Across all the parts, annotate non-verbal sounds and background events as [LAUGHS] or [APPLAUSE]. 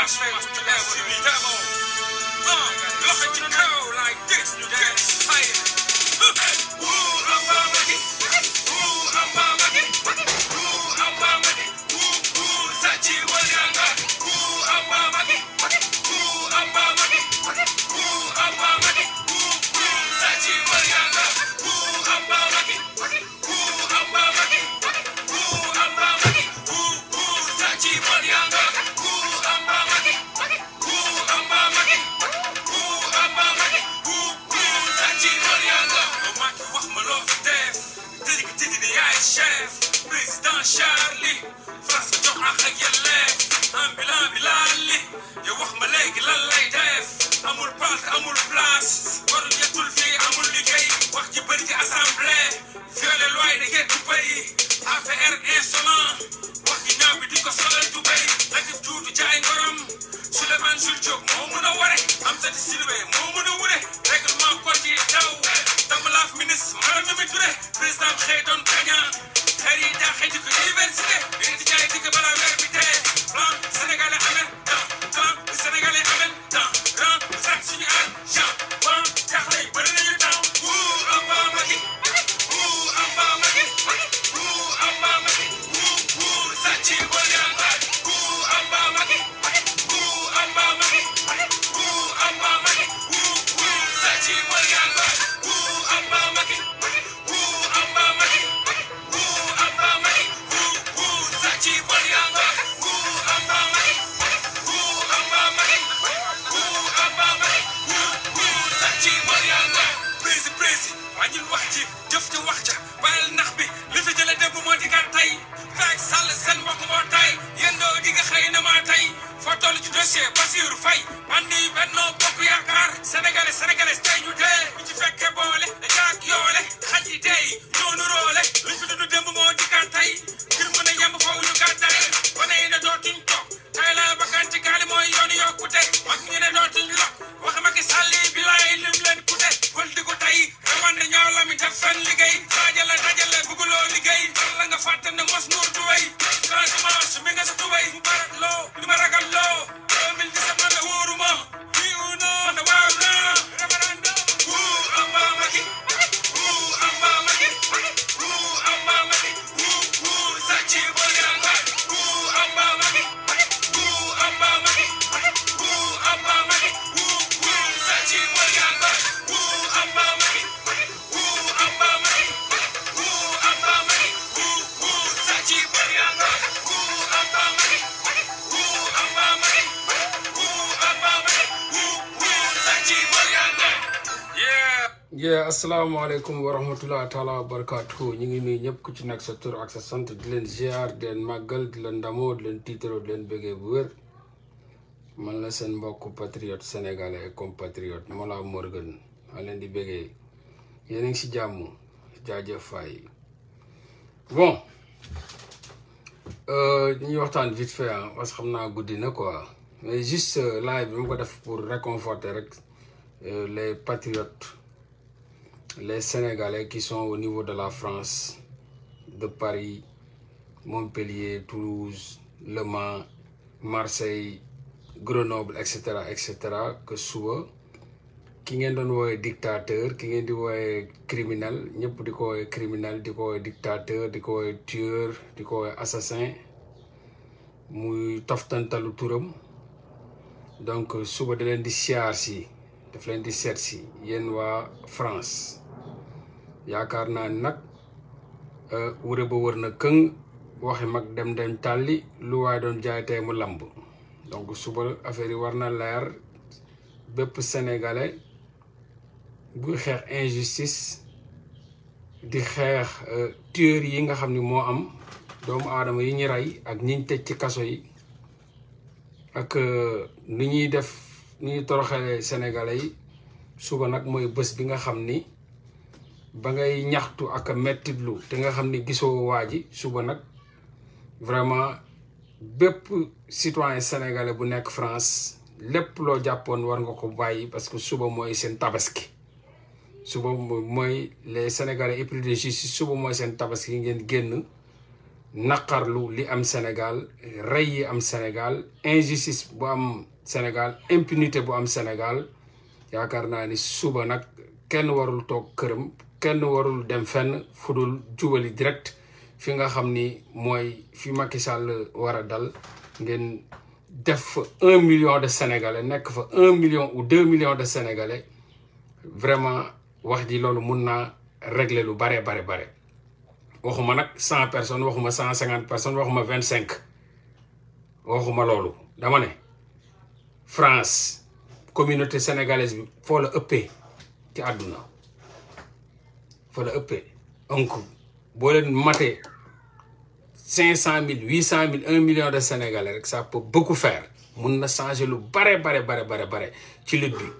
Last thing was to last to me demo. Uh, look at your curl like this, you get tired. Woo! yeah asalaamaaleykum wa rahmatulah taala barakaatu ñu ngi nuyu ñëpp ku ci nekk sa tur ak sa sant di leen ziar di leen màggal di leen damoo di leen tiitaroo di leen bëggee bu wér man la seen mbokku patriote sénégalais et compatriote Mollah Morgun maa leen di bëggee yéen a ngi si jàmm jaajëf faay bon euh, ñuy waxtaan vite fait ah parce xam naa guddi na quoi mais juste euh, live bi ma ko def pour réconforter rek euh, les patriotes. les Sénégalais qui sont au niveau de la France, de Paris, Montpellier, Toulouse, Le Mans, Marseille, Grenoble, etc., etc., que suba ki ngeen doon woowee dictateur ki ngeen di woowee criminel ñëpp di ko woowee criminel di ko woowee dictateur di ko woowee tueur di ko woowee assassin muy taftantalu turam donc suba da leen di siyaar si daf leen di seet si yéen waa France yaakaar naa ni nag euh, wure ba wër na këng waxi mag dem dem tàlli lu waaye doon jaay tey mu lamb donc suba affaire yi war na leer bépp sénégalais buy xeex injustice di xeex euh, tueur yi nga xam ni moo am doomu aadama yi ñu rey ak ñiñ tëj ci kaso yi ak euh, ni ñuy def ni ñuy toroxale sénégalais yi suba nag mooy bés bi nga xam ni ba ngay ñaxtu ak a mettitlu te nga xam ne gisoo waa ji suba nag vraiment bépp citoyen sénégalais bu nekk France lépp loo jàppoon war nga ko bàyyi parce que suba mooy seen tabaski suba les sénégalais épris de justice suba mooy seen tabaski ngeen génn naqarlu li am Sénégal rey yi am Sénégal injustice bu am Sénégal impunité bu am Sénégal yaakaar naa ni suba nag kenn warul toog këram kenn warul dem fenn fu dul jubali direct fi nga xam ni mooy fi Macky Sall war a dal ngeen def fa un million de sénégalais nekk fa un million ou deux millions de sénégalais vraiment wax ji loolu mun naa régler lu bare bare bare waxuma nag cent personnes waxuma cent cinquante personnes waxuma vingt cinq waxuma loolu dama ne France communauté sénégalaise bi foo la ëppee ci àdduna fa la ëppee onku boo leen matee cinq cent mille huit cent mille un million de sénégalais rek ça peut beaucoup mun na changer lu bare bare bare bare bare ci lutte bi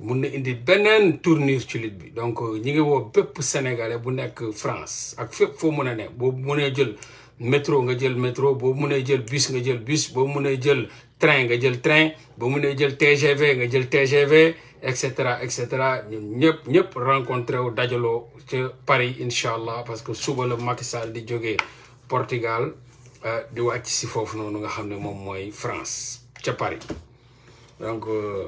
mun na indi beneen tournure ci lutte bi donc ñi ngi woo bépp sénégalais bu nekk France ak fépp foo mun a ne boo munee jël métro nga jël métro boo munee jël bus nga jël bus boo munee jël train nga jël train boo munee jël TGV nga jël TGV et cetera et cetera ñun ñëpp ñëpp rencontré wu dajaloo ca Paris incha allah parce que suba la Macky di jógee Portugal euh, di wàcc si foofu noonu nga xam ne moom mooy France ca Paris donc euh,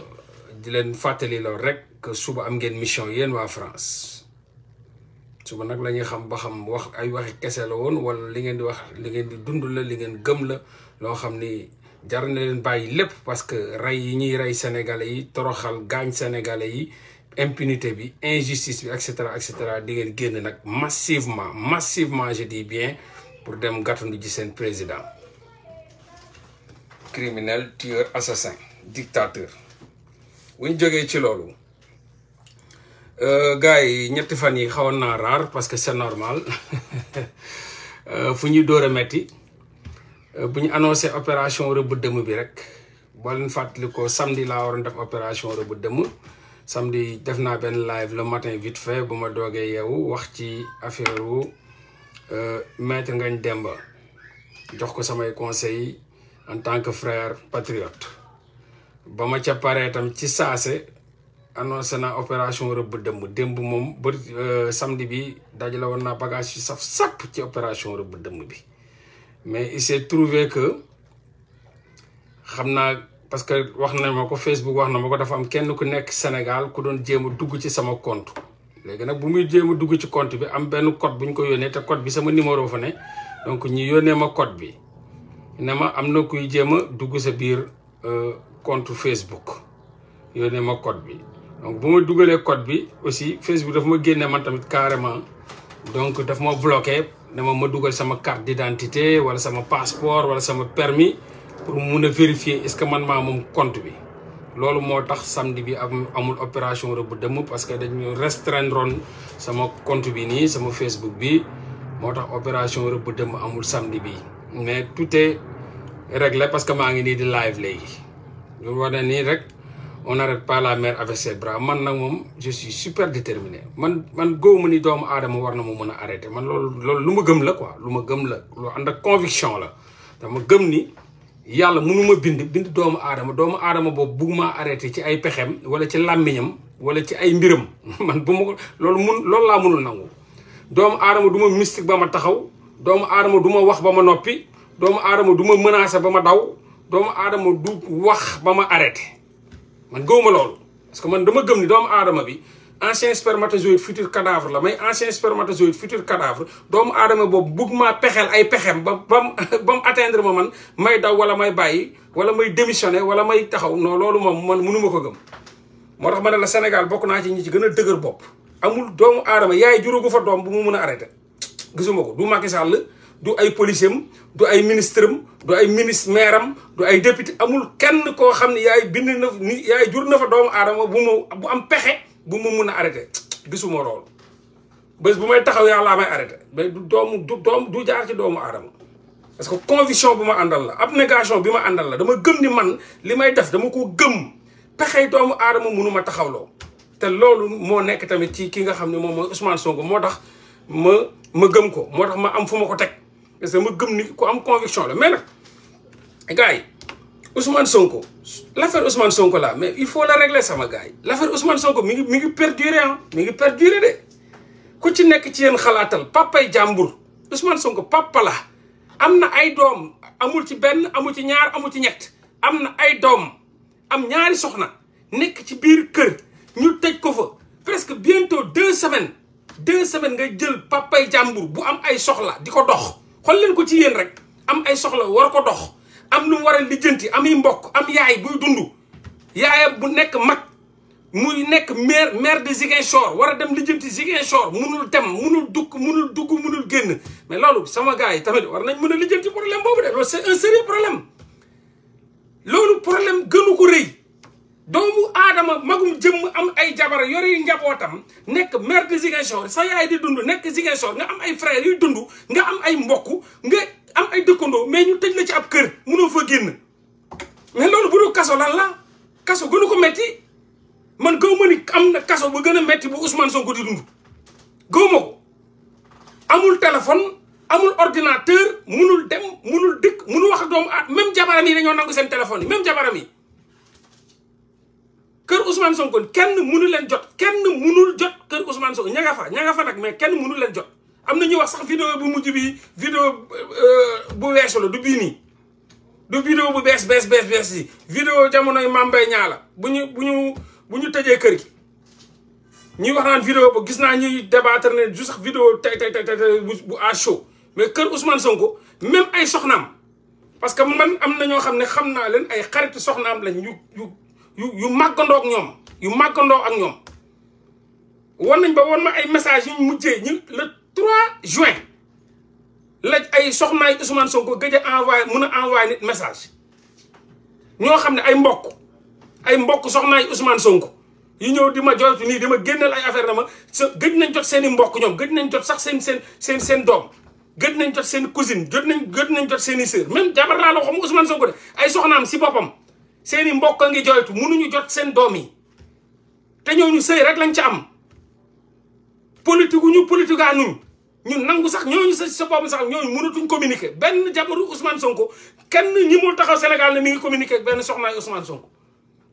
di leen fàttali loolu rek suba am ngeen mission yéen waa France suba nag la ñuy xam ba xam wax ay waxi kese la woon wala li ngeen di wax li ngeen di dund la li ngeen gëm la loo xam ni jar na leen bàyyi lépp parce que rey yi ñuy rey sénégalais yi toroxal gaañ sénégalais yi impunité bi injustice bi et cetera et di ngeen génn nag massivement massivement je dis bien pour dem gàttandu ji seen président criminel tueur assassin dictateur buñ jógee ci loolu euh, gars yi ñetti fan yi xawoon naa raar parce que c'est normal [LAUGHS] euh, fu ñuy dóor a metti Euh, bu ñu annoncé opération rëbb dëmm bi rek boo leen fàttali ko samedi laa waroon def opération rëbb dëmm samedi def naa benn live le matin vite fait bu ma doogee yeewu wax ci affaire wu euh, maître Ngagne Demba jox ko samay conseil en tant que frère patriote ba ma ca pare itam ci saase annoncé naa opération rëbb dëmm dëmb moom ba euh, samedi bi dajale woon naa bagage ci saf sàpp ci opération rëbb dëmm bi mais il s'est trouvé que xam naa parce que wax nañ ma ko Facebook wax na ma ko dafa am kenn ku nekk Sénégal ku doon jéem a dugg ci sama compte léegi nag bu muy jéem dugg ci compte bi am benn code bu ñu ko yónnee te code bi sama numéro fa ne donc ñi yónnee ma code bi ne ma am na kuy jéem a dugg sa biir euh, compte Facebook yónnee ma code bi donc bu ma dugalee code bi aussi Facebook dafa ma génne man tamit carrément donc dafa ma bloqué ne ma ma dugal sama carte d'identité wala sama passeport wala sama permis pour mu mun a vérifier est-ce que man maa moom compte bi loolu moo tax samedi bi am amul opération rëbb dëmm parce que dañu restreindre sama compte bi nii sama Facebook bi moo tax opération rëbb dëmm amul samedi bi mais tout est réglé parce que maa ngi nii di live léegi loolu war na nii rek on n'arrête pas la mer avec ses man nag moom je suis super déterminé man man góob ma ni doomu aadama war na ma mën a arrêté man loolu loolu lu ma gëm la ko lu ma gëm la lu ànd ak conviction la dama gëm ni yàlla mënu ma bind bind doomu aadama doomu aadama boobu bugg maa arrêté ci ay pexem wala ci làmmiñam wala ci ay mbiram [LAUGHS] man bu ma loolu mun loolu laa mënul nangu doomu aadama du ma mystique ba ma taxaw doomu aadama du ma wax ba ma noppi doomu aadama du ma menacé ba ma daw doomu aadama du wax ba ma arrêté man gëwuma loolu parce que man dama gëm ni doomu aadama bi ancien spermatozoïde futur cadavre la may ancien spermatozoïde futur cadavre doomu aadama boobu bugg maa pexeel ay pexeem ba bam ba mu [LAUGHS] ma man may daw wala may bàyyi wala may démissionner wala may taxaw non loolu moom man mënuma ko gëm moo tax ma ne la Sénégal bokk naa ci ñi ci gën a dëgër bopp amul doomu aadama yaay jurógu fa doom bu mu mun a arrêté gisuma ko du Macky Sall du ay policier du ay ministre am du ay ministre maire am du ay député amul kenn koo xam ne yaay bind na ni yaay jur na fa doomu aadama bu ma bu am pexe bu ma mun a arrêté gisuma loolu bés bu may taxaw yàlla may arrêté mais du doomu du doom du jaar ci doomu aadama parce que conviction bu ma àndal la abnégation bi ma àndal la dama gëm ni man li may def dama ko gëm pexey doomu aadama mënuma taxawloo te loolu moo nekk tamit ci ki nga xam ne moom mooy Ousmane Sonko moo tax ma ma gëm ko moo tax ma am fu ma ko teg parce que ma gëm ni ko am conviction la mais nag gars yi Ousmane Sonko l'affaire Ousmane Sonko là mais il faut la régler sama gars yi l'affaire Ousmane Sonko mu ngi mu ngi perdurer ah mi ngi perdurer de ku ci nekk ci yéen xalaatal papay jàmbur Ousmane Sonko papa am na ay doom amul ci benn amul ci ñaar amul ci ñett am na ay doom am ñaari soxna nekk ci biir kër ñu tëj ko fa presque bientôt deux semaine deux semaines nga jël papay jàmbur bu am ay soxla di ko dox xool leen ko ci yéen rek am ay soxla war ko dox am nu mu war a lijjanti am yi mbokk am yaay buy dund yaayam bu nekk mag muy nekk maire maire de Ziguinchor war a dem lijjanti Ziguinchor munu dem munul dugg munul dugg munul génn mais loolu sama gars yi tamit war nañ mën a lijjanti problème boobu de loolu c'est un sérieux problème loolu problème gënu ko rëy doomu aadama magum jëmm am ay jabar yore njabootam nekk maire de Ziguinchor sa yaay di dund nekk Ziguinchor nga am ay frères yuy dundu nga am ay mbokk nga am ay dëkkandoo mais ñu tëj la ci ab kër mënoo fa génn mais loolu bu dul kaso lan la kaso gënu ko metti man gaw ma ni am na kaso bu gën a metti bu Ousmane Sonko di dund gaw ma ko amul téléphone amul ordinateur munul dem munul dëkk munul wax ak doomu aat même jabaram yi dañoo nangu seen téléphone yi même jabaram yi kër Ousmane Sonko kenn mënu leen jot kenn mënul jot kër Ousmane Sonko ña nga fa ña nga fa kenn mënu leen jot am na ñuy wax sax vidéo bu mujj bi vidéo euh, bu weesu la du bii nii du bu bees bees bees bees yi vidéo jamonoy mambay ñaa la bu ñu bu ñu bu ñu tëjee kër gi ñuy wax naan vidéo ba gis naa ñuy débattre ne sax vidéo tey tey tey bu à chaud mais kër Ousmane Sonko ay soxnaam parce que man am na ñoo xam ne xam naa leen ay xaritu soxnaam lañ ñu ñu yu yu màggandoo ak ñoom yu màggandoo ak ñoom wan nañ ba wan ma ay message yu mujjee ñu le 3 juin la ay soxnaay Ousmane Sonko gëj a envoyé mën a envoyé nit message ñoo xam ne ay mbokk ay mbokk soxnaay Ousmane Sonko yu ñëw di ma jot nii di ma génneel ay affaire dama sa gëj nañ jot seen i mbokk ñoom gëj nañ jot sax seen seen seen seen doom gëj nañ jot seen cousine jot nañ gëj nañ jot seen i sœur même naa laa la xam Ousmane Sonko de ay soxnaam si boppam seeni mbokk a ngi joytu mënuñu jot seen doom yi te ñooñu sëy rek lañ ci am politique ñu politique anul ñun nangu sax ñooñu sa sa bopp sax ñooñu mënatuñ communiquer benn jabaru Ousmane Sonko kenn ñi mu taxaw Sénégal ne mi ngi communiquer benn soxnaay Ousmane Sonko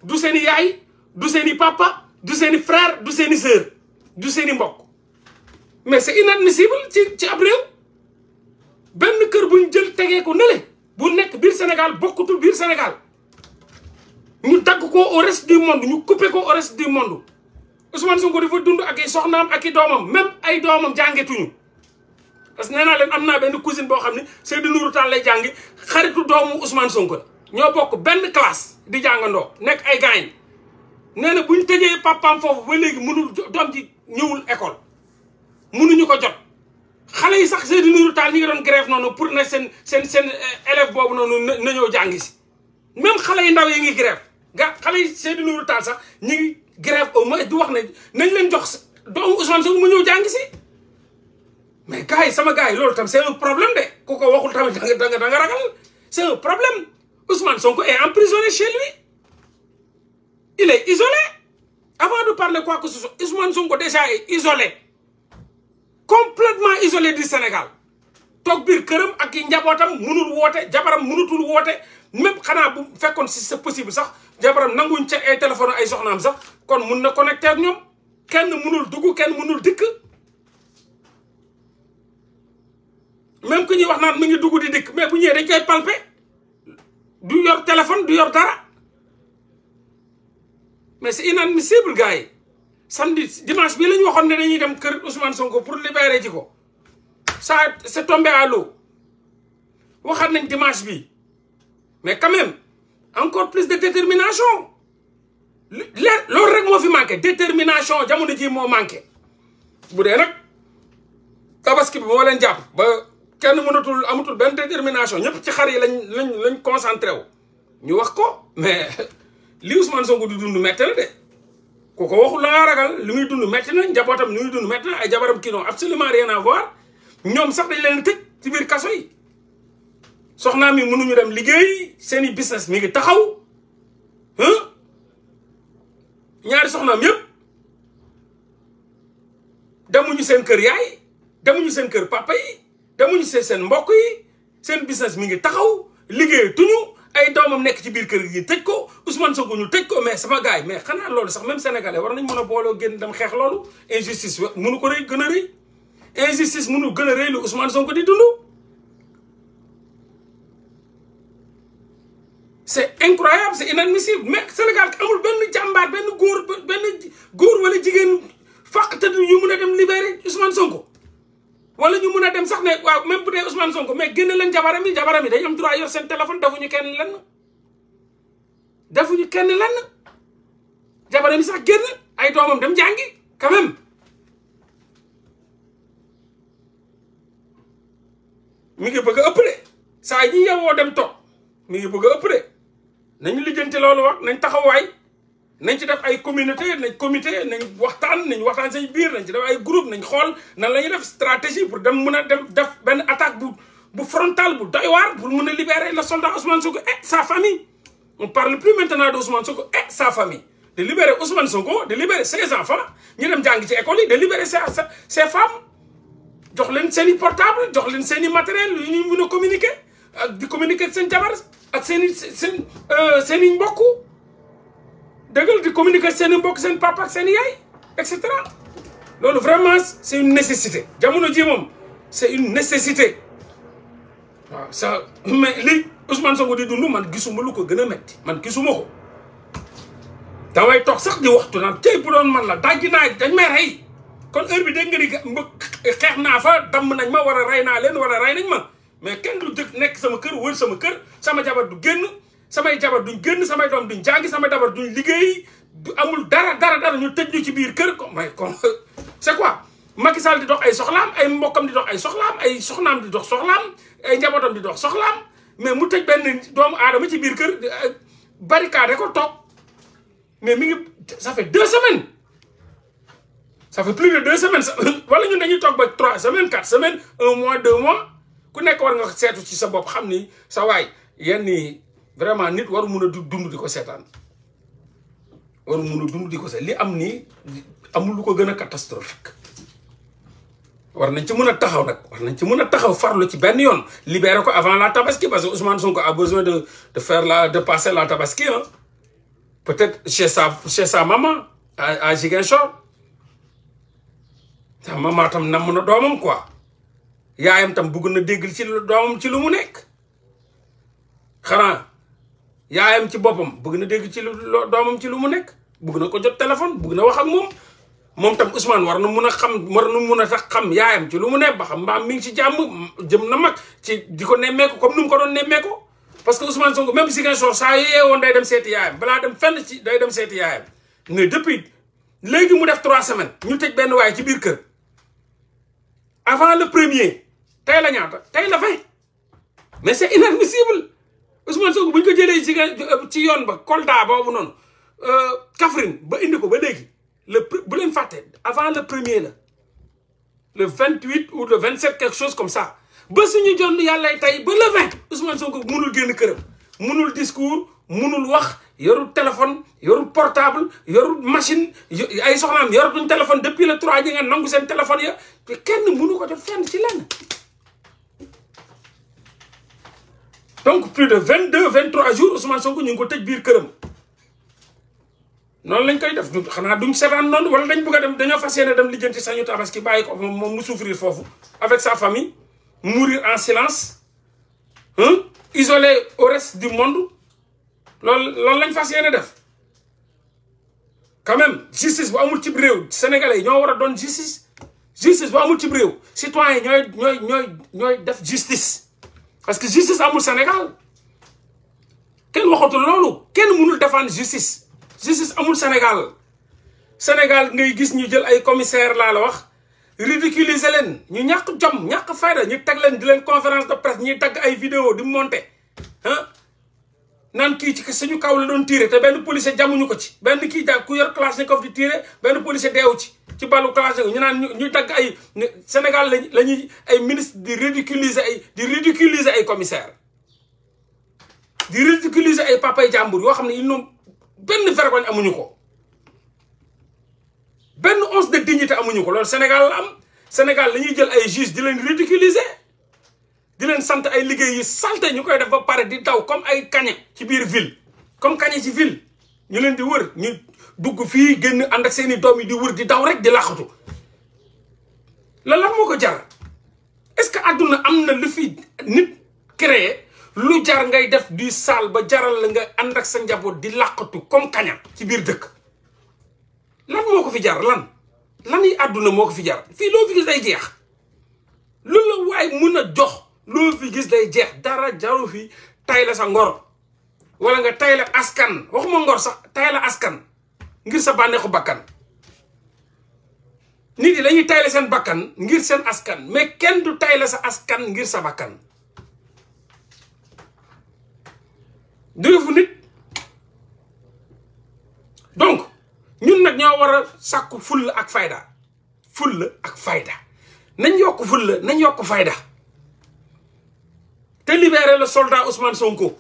du seeni yaay du seen i papa du seeni i frère du seen i sœur du seen i mbokk mais c'est inadmissible ci ci benn kër buñ jël tegeeku ko nële bu nekk biir Sénégal bokkutul biir Sénégal ñu dagg ko au reste du monde ñu couper ko au reste du dund ak i soxnaam ak i doomam même ay doomam jàngetuñu parce que nee naa leen am naa benn cousine boo xam ne Seydou Nourou Tall lay jàngi xaritu doomu Ousmane Sonko la ñoo bokk benn classe di jàngandoo nekk ay gaañ nee na bu ñu tëjee papaam foofu ba léegi mënul doom ji ñëwul école mënuñu ko jot xale yi sax Seydou Nourou Tall ñi ngi doon noonu pour na seen seen seen euh, élève boobu noonu na ñëw jàngi si même xale yi ndaw yi ngi gr nga xale yi Seydou Nourou Tall sax ñu ngi grève au du wax ne nañ leen jox doomu Ousmane Sonko mu ñëw jàng mais gars yi sama gars yi loolu tam c' est problème de ku ko waxul tamit da nga da nga da nga ragal c' est problème Ousmane Sonko est emprisonné chez lui il est isolé Sénégal toog biir këram ak i njabootam munul woote jabaram munutul woote. même xanaa bu fekkoon si c'est possible sax jabaram nanguñ ca ay téléphone ay soxnaam sax kon mun na connecté ak ñoom kenn mënul dugg kenn mënul dikk même ku ñuy wax naan mu ngi dugg di dikk mais bu ñëwee dañ koy palpé du yor téléphone du yor dara mais c'est inadmissible gars yi samedi dimanche bi la ñu waxoon ne dañuy dem kër Ousmane Sonko pour libérer ji ko ça c'est tombé à nañ dimanche bi mais quand même encore plus de détermination leer loolu rek moo fi manqué détermination jamono ji moo manqué bu dee nag tabaski bi boo leen jàpp ba kenn mënatul amatul benn détermination ñëpp ci xar yi lañ lañ lañ concentré wu ñu wax ko mais [LAUGHS] li Ousmane soo di dund métti na de ku ko waxul la nga ragal li muy dund métti na njabootam li muy dund métti na ay jabaram kii non absolument rien à voir ñoom sax dañ leen tëj ci biir kaso yi soxnaam yi mënuñu dem liggéey seen i business mi ngi taxaw ñaari soxnaam yëpp demuñu seen kër yaay demuñu seen kër papa yi demuñu seen seen mbokk yi seen business mi ngi taxaw liggéey tuñu ay doomam nekk ci biir kër gi tëj ko Ousmane Sonko ñu tëj ko mais sama gars yi mais xanaa loolu sax même sénégalais war nañ mën a booloo génn dem xeex loolu injustice mënu ko rëy gën a rëy injustice mënu gën a rëy lu Ousmane ko di dund c'est incroyable c'est inadmissible mais Sénégal amul benn jàmbaar benn góor benn góor wala jigéen fàqtadi ñu mun a dem libérer Ousmane Sonko wala ñu mun a dem sax ne waaw même bu dee Ousmane Sonko mais génne leen jabaram yi jabaram yi dañ am droit seen téléphone defuñu kenn lenn defuñu kenn lenn jabaram yi sax génn ay doomam dem jàngi quand mi ngi bëgg ëpp de saa yi dem toog mi nañu lijjanti loolu wax nañ taxawaay nañ ci def ay communauté nañ comité nañ waxtaan nañ waxaan seen biir nañ ci def ay group nañ xool nan la ñuy def stratégie pour dem mun a dem def benn attaque bu bu frontale bu doy waar pour mun a libérer le soldat Ousmane Sonko et sa famille. on parle plus maintenant de Ousmane Sonko et sa famille de libérer Ousmane Sonko de libérer ses enfants ñu dem jàng ci école yi de libérer ses ses jox leen seeni i portable jox leen seen i matériel yu ñu mun a communiquer ak di communiquer seen ak seen i seen euh, seen i mbokk dëggal di communiquer seen i mbokk seen papa ak seen i yaay cetera loolu vraiment c' est une nécessité jamono ji moom c' est une nécessité waaw ça mais li Ousmane Sonko di dund man gisuma lu ko gën a metti man gisuma ko damay toog sax di waxtu naan tey bu doon man la dajji naa dañ may rey kon heure bi dégg nga ni xeex naa fa damm nañ ma war a rey naa leen war a rey nañ ma mais kenn du dëkk nekk sama kër wër sama kër sama jabar du génn samay jabar duñ génn samay doom duñ jàngi samay jabar duñ liggéey du amul dara dara dara ñu tëj ñu ci biir kër comme mais comme [LAUGHS] c'est quoi Macky Sall di dox ay soxlaam ay mbokkam di dox ay soxlaam ay soxnaam di dox soxlaam ay njabootam di dox soxlaam mais mu tëj benn doomu aadama ci biir kër euh, barricade ko toog mais mi ngi ça fait deux semaines ça fait plus de deux semaines [LAUGHS] wala ñun dañuy toog ba trois semaines quatre semaines un mois deux mois ku nekk war nga seetu ci sa bopp xam ni sa waay yenn nii vraiment nit waru mun a dund di ko seetaan waru mun a dund di ko seet li am nii amul lu ko gën a catastrophique war nañ ci mun a taxaw nag war nañ ci mën a taxaw farlu ci benn yoon libéré ko avant la tabaski parce que Ousmane Sonko a besoin de de la de passer la tabaski ah peut-être chez sa chez sa maman à à Ziguinchor sa maman tam namm na doomam quoi yaayam tam bugg na dégg ci doomam ci lu mu nekk xanaa yaayam ci boppam bëgg na dégg ci lu doomam ci lu mu nekk bëgg na ko jot téléphone bëgg na wax ak moom moom tam Ousmane war na mun a xam war mun a sax xam yaayam ci lu mu ne ba xam mbaam mi ngi ci jàmm jëm na mag ci di ko nemmeeku comme nu mu ko doon nemmeeku parce que Ousmane Sonko même si ngeen soor saa yu yeewoon day dem seeti yaayam balaa dem fenn ci day dem seeti yaayam mais depuis léegi mu def trois semaines ñu tëj benn waay ci biir kër avant le premier tey la ñaata tey la vingt mais c'est inadmissible Ousmane Sonko bu ñu ko jëlee ci ci yoon ba Kolda boobu noonu euh, Kaffrine ba indi ko ba léegi le bu leen fàtte avant le premier la le vingt huit ou le vingt sept quelque chose comme ça ba suñu jonn yàlla tey ba le vingt Ousmane Sonko mënul génn këram mënul discours mënul wax yorul téléphone yorul portable yorul machine ay soxnaam yoratuñ téléphone depuis le trois ji nga nangu seen téléphone ya kenn mënu ko def fenn ci lenn donc plus de vingt deux vingt trois jours Ousmane Sonko ñu ngi ko tëj biir këram noonu lañ koy def du xanaa duñ seetaan noonu wala dañ bëgg dem dañoo fas yéene dem lijjanti sañu tabaski bàyyi ko moom mu souffrir foofu avec sa famille mourir en silence isolé au reste du monde loolu loolu lañ fas yéene def quand même justice bu amul cib réew sénégalais yi ñoo war a doon justice justice bu amul cib réew citoyen yi ñooy ñooy ñooy ñooy def justice parce que justice amul Sénégal kenn waxatul loolu kenn mënul défendre justice justice amul Sénégal Sénégal ngay gis ñu jël ay commissaire laa la wax ridiculiser leen ñu ñàkk jom ñàkk fayda ñu teg leen di leen conférence de presse ñuy dagg ay vidéo di monter ah naan kii ci suñu kaw la doon tiire te benn policier jamuñu ko ci benn kii ja ku yor Kalachnikov di tiire benn policier deewu ci ci ballu Kalachnikov ñu naan ñu dagg ay Sénégal lañ la ñuy ay ministre di ridiculiser ay di ridiculiser ay commissaire di ridiculiser ay papay jàmbur yoo xam ne ils n'ont benn vergogne amuñu ko benn once de dignité amuñu ko loolu Sénégal la am Sénégal la ñuy jël ay juge di leen ridiculiser di leen sant ay liggéey yu salte ñu koy def ba pare di daw comme ay kañe ci biir ville comme kañe ci ville ñu leen di wër ñu dugg fii génn ànd ak seeni doom yi di wër di daw rek di làqatu la lan moo ko jar est-ce que àdduna am na lu fi nit créé lu jar ngay def du sal ba jaral la nga ànd ak njaboot di làqatu comme kaña ci biir dëkk lan ko fi jar lan lan yi àdduna moo ko fi jar fii loo fi gis day jeex lu la waaye mun a jox loolu fi gis day jeex dara jaru fi tay sa ngor wala nga tay la askan waxuma ngor sax tay askan ngir sa bànneexu bakkan nit yi lañuy tay seen bakkan ngir seen askan mais kenn du tay sa askan ngir sa bàkkan du nit donc ñun nag ñoo war a sàkku fulla ak fayda fulla ak fayda nañ yokk fulla nañ yokk fayda te libérer le soldat Ousmane Sonko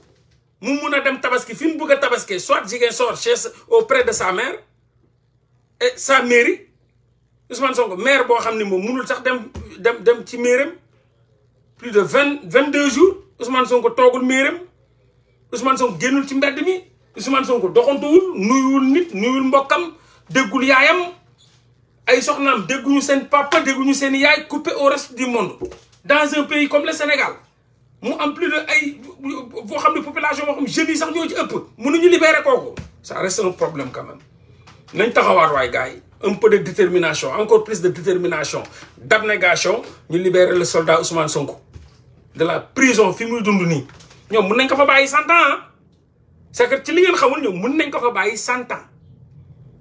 mu mun a dem tabaski fi mu bëgg a tabaski soit Ziguinchor chez auprès de sa mère et sa mairie Ousmane Sonko maire boo xam ne moom munul sax dem dem dem ci maireem plus de vingt vingt deux jours Ousmane Sonko toogul maireem Ousmane Sonko génnul ci mbedd mi Ousmane Sonko doxantuwul nuyuwul nit nuyuwul mbokkam déggul yaayam ay soxnaam dégguñu seen papa dégguñu seen yaay coupé au reste du monde dans un pays comme le Sénégal. mu am plus de ay foo xam ne population moo xam jeunes yi sax ñoo ci ëpp mënuñu libérer kooku ça reste un problème quand nañ taxawaat waaye gars yi un peu de détermination encore plus de détermination négation ñu libérer le soldat Ousmane Sonko de la prison fi muy dund nii ñoom mun nañ ko fa bàyyi cent ans c'est que ci li ngeen xamul ñoom mun nañ ko fa bàyyi cent ans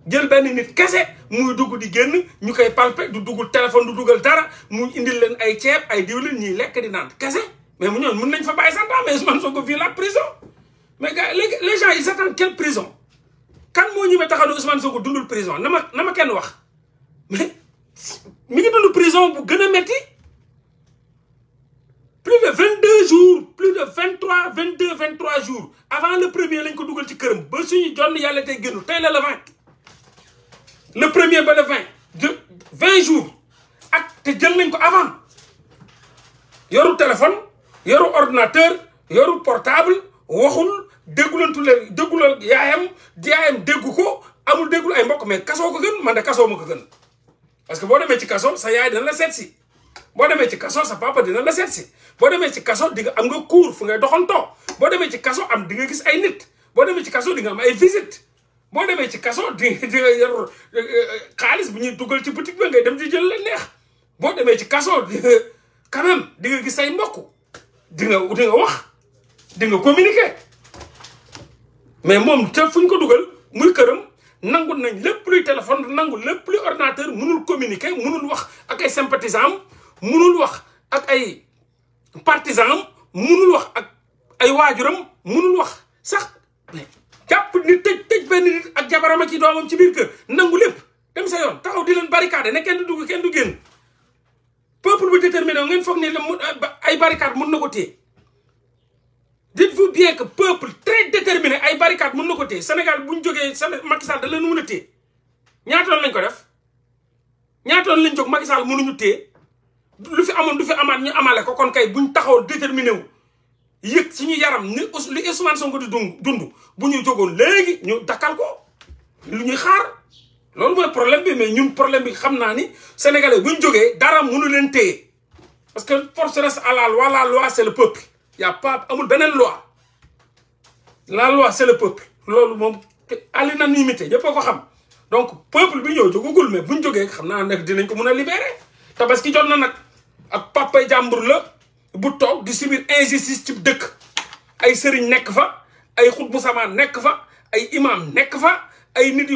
jël benn nit kese muy dugg di génn ñu koy palper du dugg téléphone du dugal dara mu indi leen ay ceeb ay diwlin ñuy lekk di naan kese mais mu ñoon mën nañ fa bàyyi santaan mais Ousmane Sonko fii la prison mais gars les les gens ils attendent quelle prison kan moo ñëwee taxaw ne Ousmane Sonko dundul prison na ma na kenn wax mais mi ngi dund prison bu gën a metti plus de vingt deux jours plus de vingt trois vingt deux vingt trois jour avant le premier lañ ko dugal ci këram ba suñu jonn yàlla tey génnul tey la le vingt le premier ba le vingt de jours ak te jël nañ ko avant yoru téléphone yoru ordinateur yoru portable waxul déggulantu leen déggulal yaayam yaayam déggu ko amul déggul ay mbokk mais kasoo ko gën man de kasoo ma ko gën parce que boo demee ci kaso sa yaay dina la seet si boo demee ci kaso sa papa dina la seet si boo demee ci kaso di nga am nga cour fu ngay doxantoo boo demee ci kaso am di nga gis ay nit boo demee ci kaso di nga am ay visite boo demee ci kaso di di nga euh, euh, bu ñuy dugal ci boutique ba ngay dem di jël la neex boo demee ci kaso quand même di nga gis say mbokk di nga di wax di nga communiquer mais moom ca fu ñu ko dugal muy këram nangu nañ lépp luy téléphone nangu lépp luy ordinateur mënul communiquer mënul wax ak ay sympathisant am mënul wax ak ay partisan am wax ak ay waajuram munul wax sax jàpp nit tëj tëj benn nit ak jabaram ak ci doomam ci biir kër nangu lépp te sa yoon taxaw di leen barricade ne kenn du kenn du génn peuple bu déterminé ngeen foog ne la mu euh, ay barricade mun na ko téye dites-vous bien que peuple très déterminé ay barricade mun na ko téye Sénégal bu ñu jógee Macky Sall da leen mun a téye ñaatoon lañ ko def ñaatoon lañ jóg Macky Sall mënuñu téye lu fi amoon du fi amaat ñu amale ko kon kay buñ taxaw déterminé wu yëg suñu yaram ni li Ousmane Sonko di dund dund bu ñu jógoon léegi ñu dakkal ko lu ñuy xaar. loolu mooy problème bi mais ñun problème bi xam naa ni sénégalais bu ñu jógee dara mënu leen téye parce que force reste à la loi la loi c'est le peuple y a pas amul beneen loi la loi c'est le peuple loolu moom à l'unanimité ñëpp a ko xam donc peuple bi ñëw jógagul mais bu ñu jógee xam naa nekk dinañ ko mën a libérer tabaski jot na nag ak papa jàmbur la bu toog di subir injustice ci dëkk ay sëriñ nekk fa ay xutbu samaan nekk fa ay imam nekk fa ay nit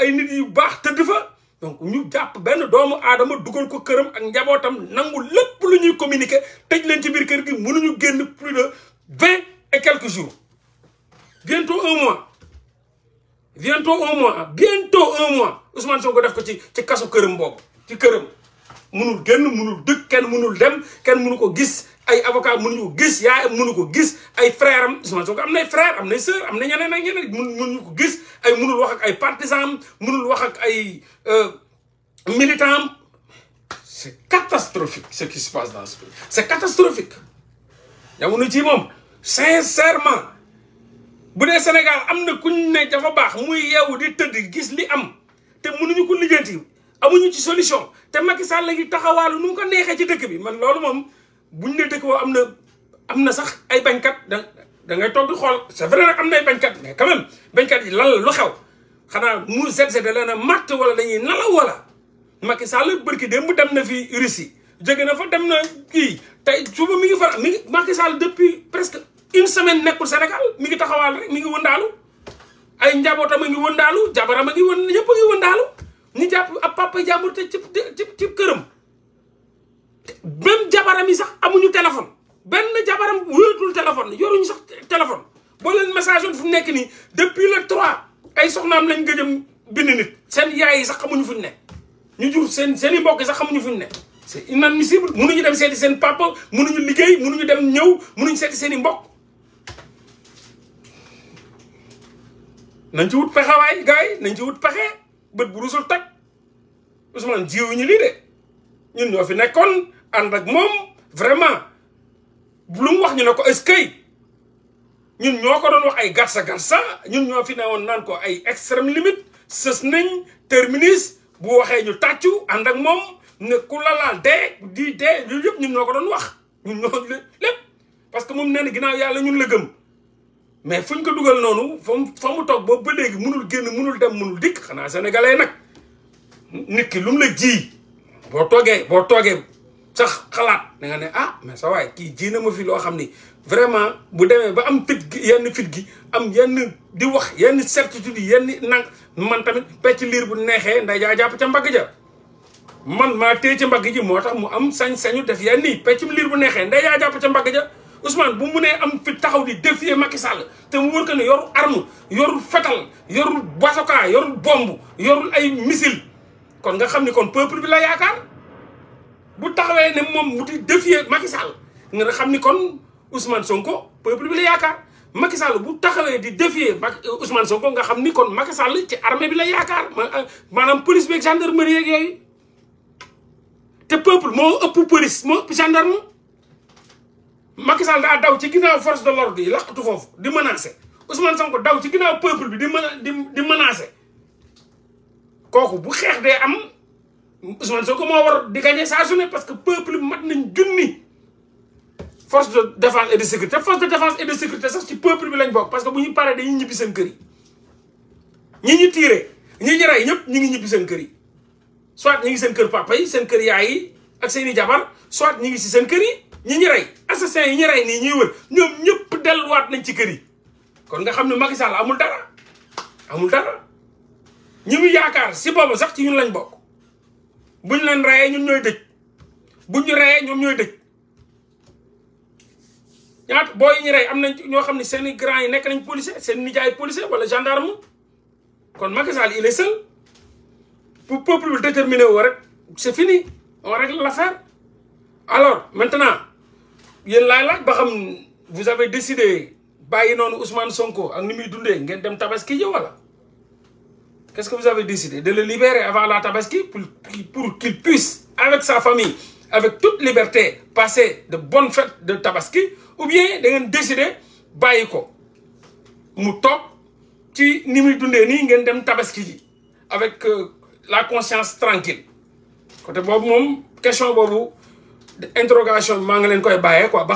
ay nit yu baax tëdd fa donc ñu jàpp benn doomu aadama dugal ko këram ak njabootam nangu lépp lu ñuy communiqué tëj leen ci biir kër gi mënuñu génn plus de vingt et quelques jours bientôt un mois bientôt un mois bientôt un mois Ousmane ko def ko ci ci kasu këram boobu ci këram munul génn munul dëkk kenn munul dem kenn munu ko gis ay avocat mënuñu ko gis yaayam mënu ko gis ay frère am Ousmane Sonko am nay frère am nay sœur am na ñeneen ak ñeneen mun ñu ko gis ay mënul wax ak ay partisan am mënul wax ak ay euh, militant am c'est catastrophique ce qui se passe dans ce pays c'est catastrophique jamono ci moom sincèrement bu dee Sénégal am na kuñ ne dafa baax muy yeewu di tëdd gis li am te mënuñu ko lijjanti amuñu ci solution te Macky Sall la taxawaal taxawaalu nu mu ko neexee ci dëkk bi man loolu moom buñ la dëkk woo am na am na sax ay bañkat da da ngay toog di xool c'est vrai nag am na ay bañkat mais quand bañkat yi lan lu xew xanaa mu ZZ da leen a màtt wala dañuy nalaw wala Macky Sall bërki démb dem na fi Russie jóge na fa dem na kii tey suba mi ngi far mi ngi Macky Sall depuis presque une semaine nekkul Sénégal mi ngi taxawaal rek mi ngi wëndaalu ay njabootam a ngi wëndaalu jabaram a ngi wën ñëpp a ngi wëndaalu ñu jàpp ab papa jàmbur te c ci ci këram même jabaram yi sax amuñu téléphone benn jabaram wéetul téléphone yoruñu sax téléphone boo leen message yoon fu mu nekk nii depuis le trois ay soxnaam lañ gëjëm bind nit seen yaay yi sax amuñu fuñ ne ñu jur seen seen i mbokk yi sax xamuñu fuñ ne c'est inadmissible mënuñu dem seeti seen papa mënuñu liggéey mënuñu dem ñëw mënuñu seeti seen i mbokk nañ ci wut pexe waay gars yi nañ ci wut pexe bët bu rusul tag Ousmane jiwu ñu lii de ñun ñoo fi nekkoon ànd ak moom vraiment lu mu wax ñu ne ko est-ce ñun ñoo ko doon wax ay garsa garsa ñun ñoo fi ne woon naan ko ay extrême limite sës nañ terminus bu waxee ñu tàccu ànd ak moom ne ku lalaal dee di dee loolu yëpp ñun ñoo ko doon wax ñun ñoo lépp parce que moom nee na ginnaaw yàlla ñun la gëm mais fuñ ko dugal noonu fa mu mu toog boobu ba léegi munul génn munul dem munul dikk xanaa sénégalais nag nit ki lu la jii boo toogee boo toogee sax xalaat danga ne ah mais sa waay kii ji na ma fi loo xam ni vraiment bu demee ba am fit gi yenn fit gi am yenn di yenn certitude yi yenn nang man tamit pecc liir bu neexee nday jaa jàpp ca mbag ja man maa ca mbagg ji moo tax mu am sañ-sañu def yenn yi peccum liir bu neexee nday jàpp ca mbagg ja Ousmane bu mu nee am fi taxaw di défier Macky Sall te mu wër ko ne yorul arme yorul fetal yorul basoka yorul bomb yorul ay missile kon nga xam ni kon peuple bi la yaakaar bu taxawee ne moom mu di défier Macky Sall nga xam ni kon Ousmane Sonko peuple bi la yaakaar Macky Sall bu taxawee di défier euh, Ousmane Sonko nga xam ni kon Macky Sall ci armée bi la yaakaar euh, maanaam police beeg gendarmerie yeeg yooyu te peuple moo ëpp police moo ëpp gendarme Macky Sall daa daw ci ginnaaw force de l'ordre yi laqatu foofu di menacer Ousmane Sonko daw ci ginnaaw peuple bi di di di menacer. kooku bu xeex dee am Ousmane Sonko moo war di gagné saa su ne parce que peuple mat nañ junni force de défense et de sécurité force de défense et de sécurité sax ci peuple bi lañ bokk parce que bu ñu paree dañuy ñibbi seen kër yi ñi ñu tiire ñi ñu rey ñëpp ñu ngi ñibbi seen kër yi soit ñu ngi seen kër papa yi seen kër yaay yi ak seeni jabar soit ñu ngi si seen kër yi ñi ñu rey assassin yi ñu rey nii ñuy wër ñoom ñëpp delluwaat nañ ci kër yi kon nga xam ne Macky Sall amul dara amul dara ñi mu yaakaar si boobu sax ci ñun lañ bokk buñ leen rayee ñun ñooy dëj buñ ñu rayee ñoom ñooy dëj ñaata booy yi ñu rey am nañ ñoo xam ne seeni grand yi nekk nañ policier seen nijaay policier wala gendarme kon Macky Sall il est seul pour peuple bi déterminé woo rek c'est fini on règle l'affaire alors maintenant yéen laay laaj ba xam vous avez décidé bàyyi noonu Ousmane Sonko ak ni muy dundee ngeen dem tabaski ji wala Qu'est-ce que vous avez décidé De le libérer avant la tabaski pour, pour qu'il puisse, avec sa famille, avec toute liberté, passer de bonnes fêtes de tabaski Ou bien de décider, Bayiko, Moutok, qui ni dem tabaski avec euh, la conscience tranquille. Côté moom question de Bob, interrogation, quoi,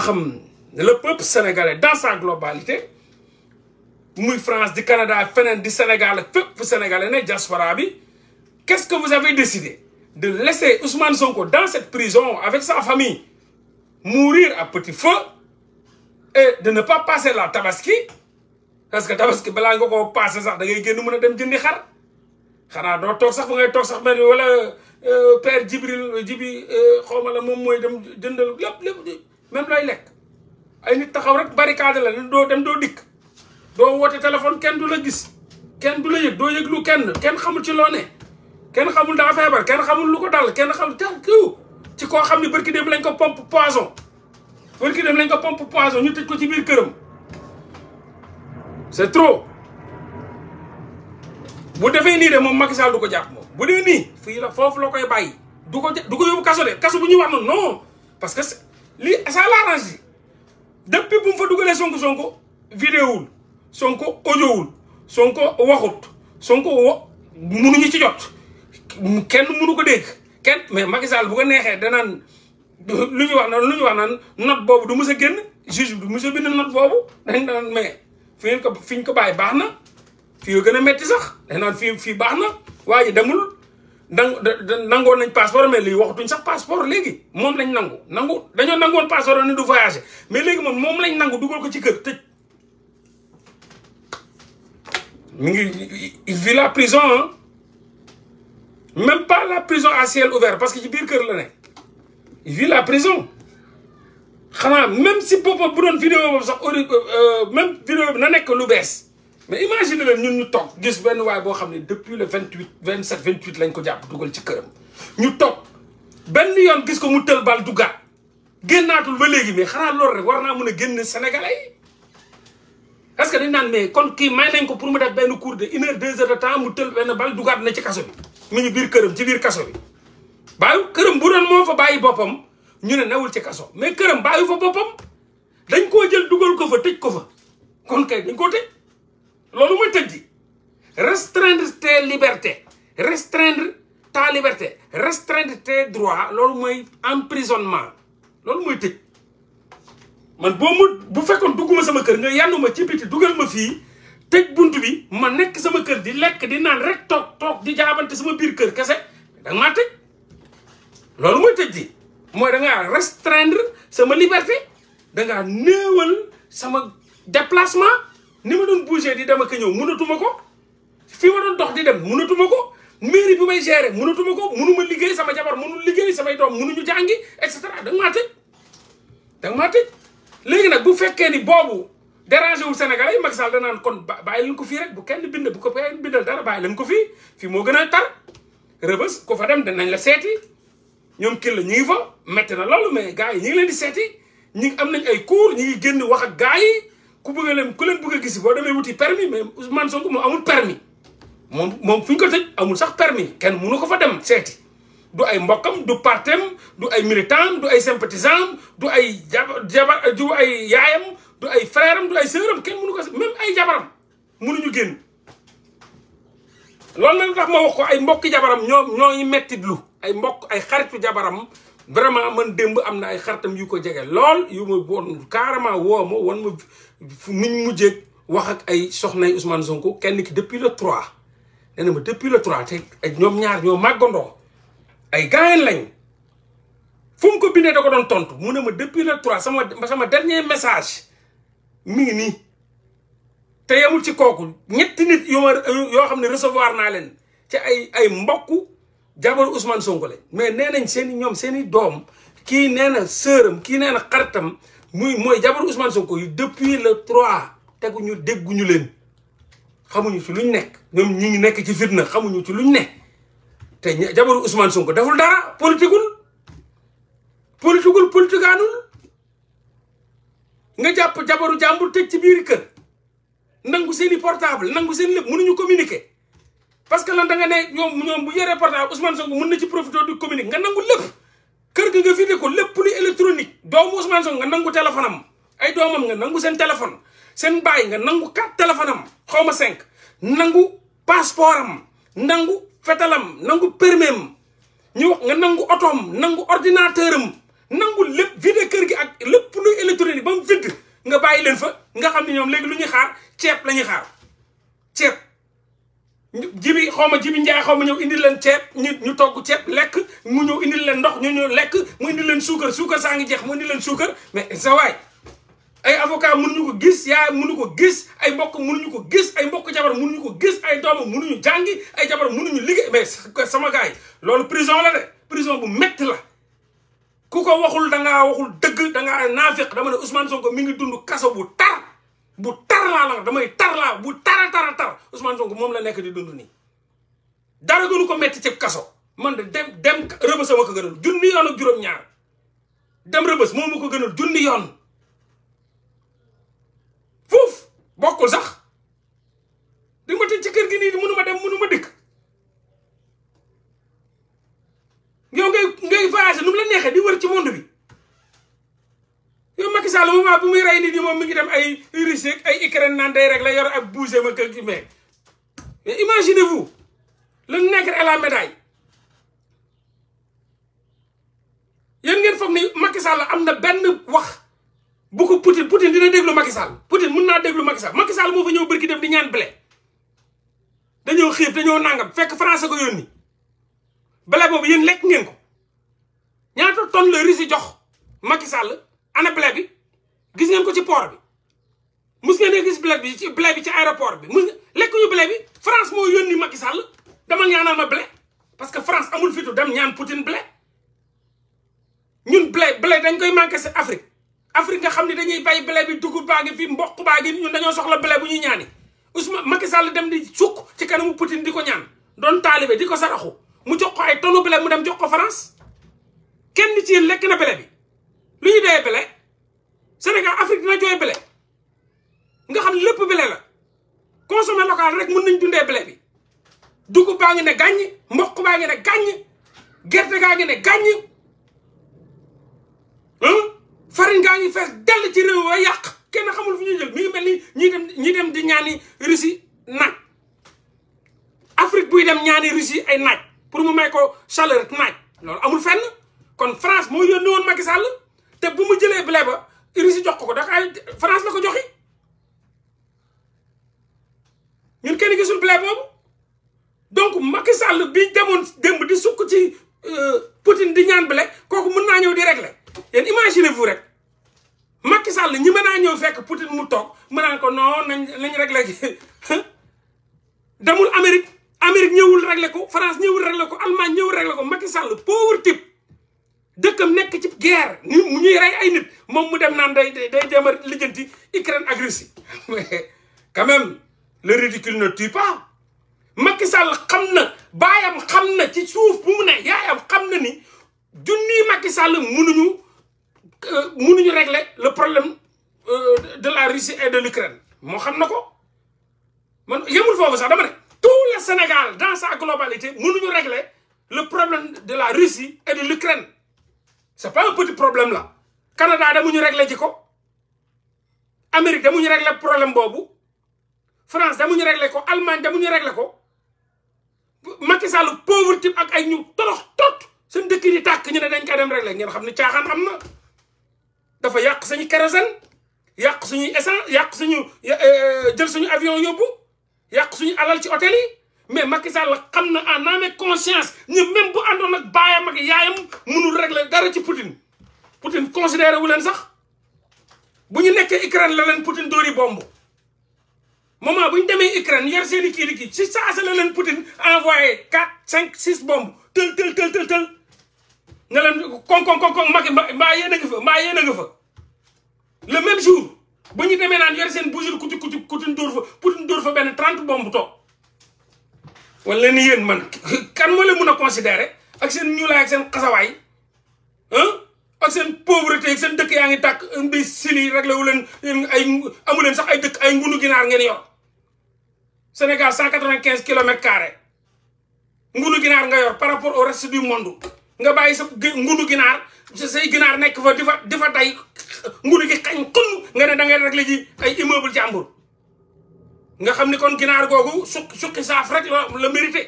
Le peuple sénégalais, dans sa globalité, muy France di Canada feneen di Sénégal ak fépp fu sénégalais ne diaspora bi qu'est-ce que vous avez décidé de laisser Ousmane Sonko dans cette prison avec sa famille mourir à petit feu e de ne pas passer la tabaski parce que tabaski balaa nga koo passé sax dangay génn mën a dem jëndi xar xanaa doo toog sax fu ngay toog sax mel wala euh, père Jibril Jibi euh, xawma la moom mooy dem jëndal lépp lépp même looy lekk ay nit taxaw rek barricade la doo dem doo dikk doo woote téléphone kenn du la gis kenn du la yëg doo yëglu kenn kenn xamul ci loo kenn xamul daa feebar kenn xamul lu ko dal kenn xamul te ci koo xam ne barki dem lañ ko pompe poison barki dem lañ ko pompe poison ñu tëj ko ci biir këram c'est trop bu defee nii moom Macky Sall du ko jàpp moom bu nii fii la foofu la koy bàyyi du ko du ko yóbbu kaso de kaso bu ñuy wax noonu non parce que li ça l'arrange depuis bu mu fa dugalee Sonko Sonko vidéowul Sonko audiowul Sonko waxut Sonko wa munuñu ci jot kenn munu ko dégg kenn mais Macky Sall bu ko neexee danaan lu ñu wax naan lu ñu wax naan note boobu du mës a génn juge bi du mës a bind note boobu dañ naan mais ko fi ko bàyyi baax na fii gën a metti sax dañ naan fii baax na waa ji demul nangu nangoon nañ passeport mais lii waxatuñ sax passeport léegi moom lañ nangu nangu dañoo nangoon passeport ni du voyagé mais léegi moom moom lañ nangu dugal ko ci kër tëj mi ngi il vit la prison hein même pas la prison à ciel ouvert parce que ci biir kër la ne il vit la prison xanaa même si boppam bu doon vidéo boobu sax audi euh, euh, même vidéo bi na nekk lu bees mais imagine leen ñun ñu toog gis benn waay boo xam ne depuis le vingt huit vingt sept vingt huit lañ ko jàpp dugal ci këram ñu toog benn yoon gis ko mu tël bal duggaat génnaatul ba léegi mais xanaa loolu rek war naa mën a génn sénégalais yi parce que dañ naan mais kon kii may nañ ko pour mu def benn cours de une heure deux heures de temps a tël benn bal dugaat na ci kaso bi mu ngi biir këram ci biir kaso bi bàyyi këram bu moo fa bàyyi boppam ñu ne newul ci kaso mais këram bàyyi fa boppam dañ koo jël dugal ko fa tëj ko fa kon kay dañ ko tëj loolu mooy tëj ji restreindre tes libertés restreindre ta liberté restreindre tes droits loolu mooy emprisonnement loolu mooy tëj man boo mu bu fekkoon dugguma sama kër nga yannu ma ci biti dugal ma fii tëj bunt bi ma nekk sama kër di lekk di naan rek toog toog di jaabante sama biir kër kese danga maa tëj loolu mooy tëj di mooy dangaa restreindre sama liberté dangaa néewal sama déplacement ni ma doon bouger di dem ak ñëw mënatuma ko fii ma doon dox di dem mënatuma ko mairie bi may gérer mënatuma ko mënuma liggéey sama jabar mënul liggéey samay doom mënuñu jàngi et cetera danga maa tëj danga maa tëj léegi nag bu fekkee ni boobu dérangé wul Sénégalais yi Macky Sall danaan kon bàyyi leen ko fii rek bu kenn bind bu ko kenn bindal dara bàyyi leen ko fii fii moo gën a tar rëbës ko fa dem danañ la seeti ñoom kii la ñu fa métti na loolu mais gars yi ñu ngi leen di am nañ ay cours ñu ngi génn wax ak gars yi ku bëgg leen ku leen bëgg a gis boo demee wuti permis man Ousmane Sonko moom amul permis moom moom fi ñu ko tëj amul sax permis kenn mënu ko fa dem seeti du ay mbokkam du partem du ay militant du ay sympathisant du ay jabar du ay yaayam du ay frère am du ay sœur kenn mënu ko même ay jabaram mënuñu génn loolu nag tax ma ko ay mbokki jabaram ñoo ñooy mettitlu ay mbokk ay xaritu jabaram vraiment man démb am na ay xaritam yu ko jege lool yu ma woon carrément woo ma wan ma nuñ mujjee wax ak ay soxna Ousmane Sonko kenn ki depuis le 3 nee ma depuis le 3 te ñoom ñaar ñoo màggandoo. ay gaayen lañ fu ko bindee da ko doon tontu mu ne ma depuis le trois sama sama dernier message mi ngi nii te yemul ci kooku ñetti nit yoo yoo xam ne recevoir naa leen ci ay ay mbokku jabar Ousmane Sonko la mais nee nañ seen i ñoom seeni doom kii nee na sëram kii nee na xaritam muy mooy jabar Ousmane Sonko yi depuis le trois teguñu dégguñu leen xamuñu ci luñ nekk ñoom ñi nekk ci fitna xamuñu ci luñ ne te jabaru Ousmane Sonko deful dara politikul politikul politikaanul nga jàpp jabaru jàmbur te ci biir kër nangu seeni portable nangu seen lépp mënuñu communiquer parce que lan da nga ne ñoom ñoom bu yore portable Ousmane Sonko mën na ci profité du communiquer nga nangu lépp kër ga nga vidé ko lépp lu électronique doomu Ousmane Sonko nga nangu téléphone ay doomam nga nangu seen téléphone seen baay nga nangu quatre téléphone am xaw ma cinq nangu passeport am nangu fetalam nangu permeem ñu nga nangu otoom nangu ordinateur am nangu lépp vide kër gi ak lépp luy électronique ba mu vide nga bàyyi leen fa nga xam ne ñoom léegi lu ñuy xaar ceeb la ñuy xaar ceeb jibi xaw ma jibi njaay xaw ma ñëw indi leen ceeb ñu ñu togg ceeb lekk mu ñëw indi leen ndox ñu ñu lekk mu indi leen suukar suukar saa ngi jeex mu indi leen suukar mais sa ay avocat mënuñu ko gis yaay mënu ko gis ay mbokk mënuñu ko gis ay mbokk jabar mënuñu ko gis ay dooma mënuñu jàngi ay jabar mënuñu liggéey mais sama gars loolu prison la de prison bu métti la ku ko waxul dangaa waxul dëgg dangaa naafiq dama ne Ousmane Sonko mi ngi dund kaso bu tar bu tar laa la damay tar laa bu tara tara tar Ousmane Sonko moom la nekk di dund nii dara gënu ko métti ci kaso man de dem dem rëbës sama ko gënal junni yoon ak juróom-ñaar dem rëbës moom ma ko gënal junni yoon bokkul sax di ma tëj ci kër gi nii mënu ma dem mënu ma dikk yow ngay ngay voyagé nu la neexee di wër ci monde bi yow Macky Sall moment bu muy rey nit ñi moom mi ngi dem ay Russie ak ay Ukraine naan day rek la yor ak bougé ma kër gi mais mais imaginez-vous le nègre et la médaille yéen ngeen foog ni Macky Sall am na benn wax. bu ko Poutine Poutine dina déglu Macky Sall Poutine mun naa déglu Macky Sall Macky Sall moo fa ñëw bërki def di ñaan blé dañoo xiif dañoo nangam fekk français ko yónni blé boobu yéen lekk ngeen ko ñaata tonne la Russie jox Macky Sall ana bi gis ngeen ko ci port bi mus ngeen gis blé bi ci blé bi ci aéroport bi mus lekkuñu blé bi France moo yónni Macky Sall dama ñaanal ma blé parce que France amul fitu dem ñaan Poutine blé ñun blé blé dañ koy manqué si Afrique Afrique nga xam ni dañuy bay blé dugub baa ngi fi mboq baa ngi ñun dañoo soxla blé bu ñuy ñaani Ousmane Macky Sall dem di sukk ci kanamu Poutine di ko ñaan doon taalibe di ko saraxu mu jox ko ay tonu blé mu dem jox ko France kenn ci lekk na blé bi lu ñu doyee blé Sénégal Afrique dina jooy blé nga xam lépp blé la rek mën nañ dundee blé bi dugub baa ngi ne gàññ mboq baa ngi ne gàññ gerte gaa ngi ne gàññ farine gaa ngi fees dell ci réew wa yàq kenn xamul fu ñuy jël mi ngi mel ni ñi dem ñi dem di ñaani Russie naaj Afrique buy dem ñaani Russie ay naaj pour mu may ko chaleur naaj loolu amul fenn kon France moo yónni woon Macky sàll te bu mu jëlee blé ba Russie jox ko ko da ay France la ko joxi ñun kenn gisul blé boobu donc Macky Sall bi demoon démb di sukk ci euh, Poutine di ñaan blé kooku mën naa ñëw di régler yéen imaginez vous rek Macky Sall ñi mën naa ñëw fekk Poutine mu toog mën naa ko non nañ rek réglé [LAUGHS] demul Amérique Amérique ñëwul réglé ko France ñëwul réglé ko Allemagne ñëwul réglé ko Macky Sall pauvre type dëkkam nekk ci guerre ñu mu ñuy rey ay nit moom mu dem naan day day jéem a lijjanti Ukraine ak Russie [LAUGHS] quand même le ridicule ne tue pas Sall xam na baayam xam na ci suuf bu mu ne yaayam xam na ni junniy Macky Sall mënuñu mënuñu régler le problème euh, de la Russie et de l'Ukraine moo xam na ko man yemul foofu sax dama ne tout le Sénégal dans sa globalité mënuñu régler le problème de la Russie et de l'Ukraine c'est pas un petit problème là Canada damuñu régler ji ko Amérique damuñu régler problème boobu France ñu régler ko Allemagne ñu régler ko Macky Sall pauvre type ak ay ñu torox tot seen dëkk yi di tàkk ñu ne dañ koy dem régler ngeen xam ne caaxaan am na dafa yàq suñu kérosène yàq suñuy essence yàq suñu euh, jël suñu avion yóbbu yàq suñu alal ci hôtel yi mais Macky Sall xam na en âme et conscience ñu même bu àndoon ak baayam ak yaayam mënul régler dara ci Poutine Poutine considéré wu leen sax bu ñu nekkee Ukraine la leen Poutine dóori bomb moment bu ñu demee Ukraine yor seeni kii di kii si saa sa la leen Poutine envoyé 4 5 6 bombes tël tël tël tël tël ne leen kon kon kon Macky mbaa yéen a nga fa mbaa yéen a nga fa le même jour ba ñu demee naan yore seen boujour kuti kuti kutin dóor fa putin dóor fa benn trente bomb to wala ni yéen man kan moo leen mun a considérer ak seen ñuulaay ak seen xasawaay ak seen pauvreté ak seen dëkk yaa ngi tàkk mbi sili réglé wu leen ay amu sax ay dëkk ay ngunu ginaar ngeen yor Sénégal cent quatre-vingt-quinze kilomètres carrés ngunu ginaar nga yor par rapport au reste du monde nga bàyyi sa ngunu ginaar sey ginaar nekk fa di fa day ngunu gi xañ xun nga ne da ngay régler ji ay immeuble jàmbur nga xam ni kon ginaar googu su suqi saaf rek la la mérité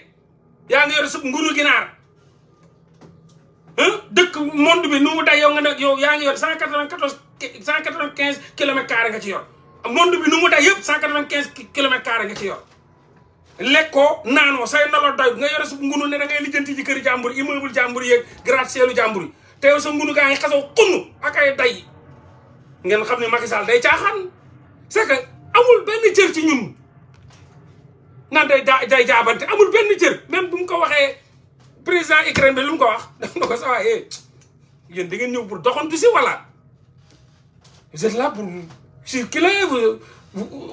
yaa ngi yor sa ngunu ginaar dëkk monde bi nu mu day yow nga ne yow yaa ngi yor cent quatre-vingt-quatorze cent quatre-vingt-quinze kilomètres carrés nga ci yor nga ci yor lekkoo naanoo say ndolo doy nga yore su ngunu ne da ngay lijjanti ji kër jàmbur immeuble jàmbur yeeg gratte-cielu jàmbur yi te yow sa ngunu gaa ngi xasaw xunn ak ay day ngeen xam ne Macky Sall day caaxaan c'est amul benn jër ci ñun na day ja day jaabante amul benn cër même bu mu ko waxee président Ukraine bi lu mu ko wax [LAUGHS] daf na ko sa waaye yéen da ngeen ñëw pour doxantu si wala vous êtes là pour circuler vous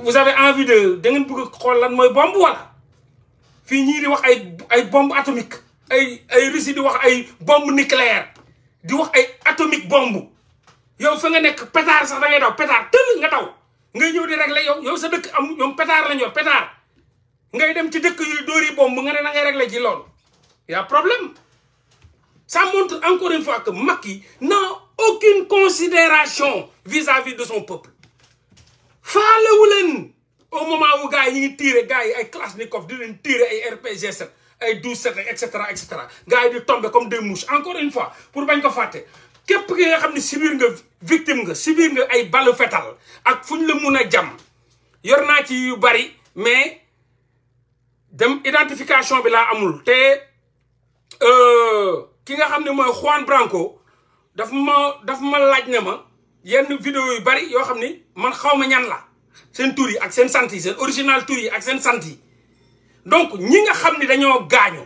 vous avez envie de da ngeen bëgg xool lan mooy bomb wala fii ñii di wax ay ay bombe atomique ay ay Russie di wax ay bombe nucléaire di wax ay atomique bombe yow fa nga nekk pétard sax da ngay daw pétard tëll nga daw ngay ñëw di régler yow yow sa dëkk am ñoom pétard lañ ngay dem ci dëkk yu dóor yi bomb nga ne da ngay régler ci loolu y problème ça montre encore une fois que Macky n'a aucune considération vis-à-vis de son peuple faalewu leen au moment où gars yi ñu ngi tiire gars yi ay kalachnikov di leen tiire ay RPG 7 ay 12 7 et cetera et cetera gars yi di tombe comme des mouches encore une fois pour bañ ko fàtte képp ki nga xam ne subir nga victime nga subir nga ay balu fetal ak fu ñu la mun a jàmm yor naa ci yu bari mais dem identification bi laa amul te euh, ki nga xam ne mooy Juan Branco daf ma daf ma laaj ne ma yenn vidéo yu bari yoo xam ni man xaw ma ñan la seen tur yi ak seen sant yi seen original tur yi ak seen sant yi donc ñi nga xam ni dañoo gaañoo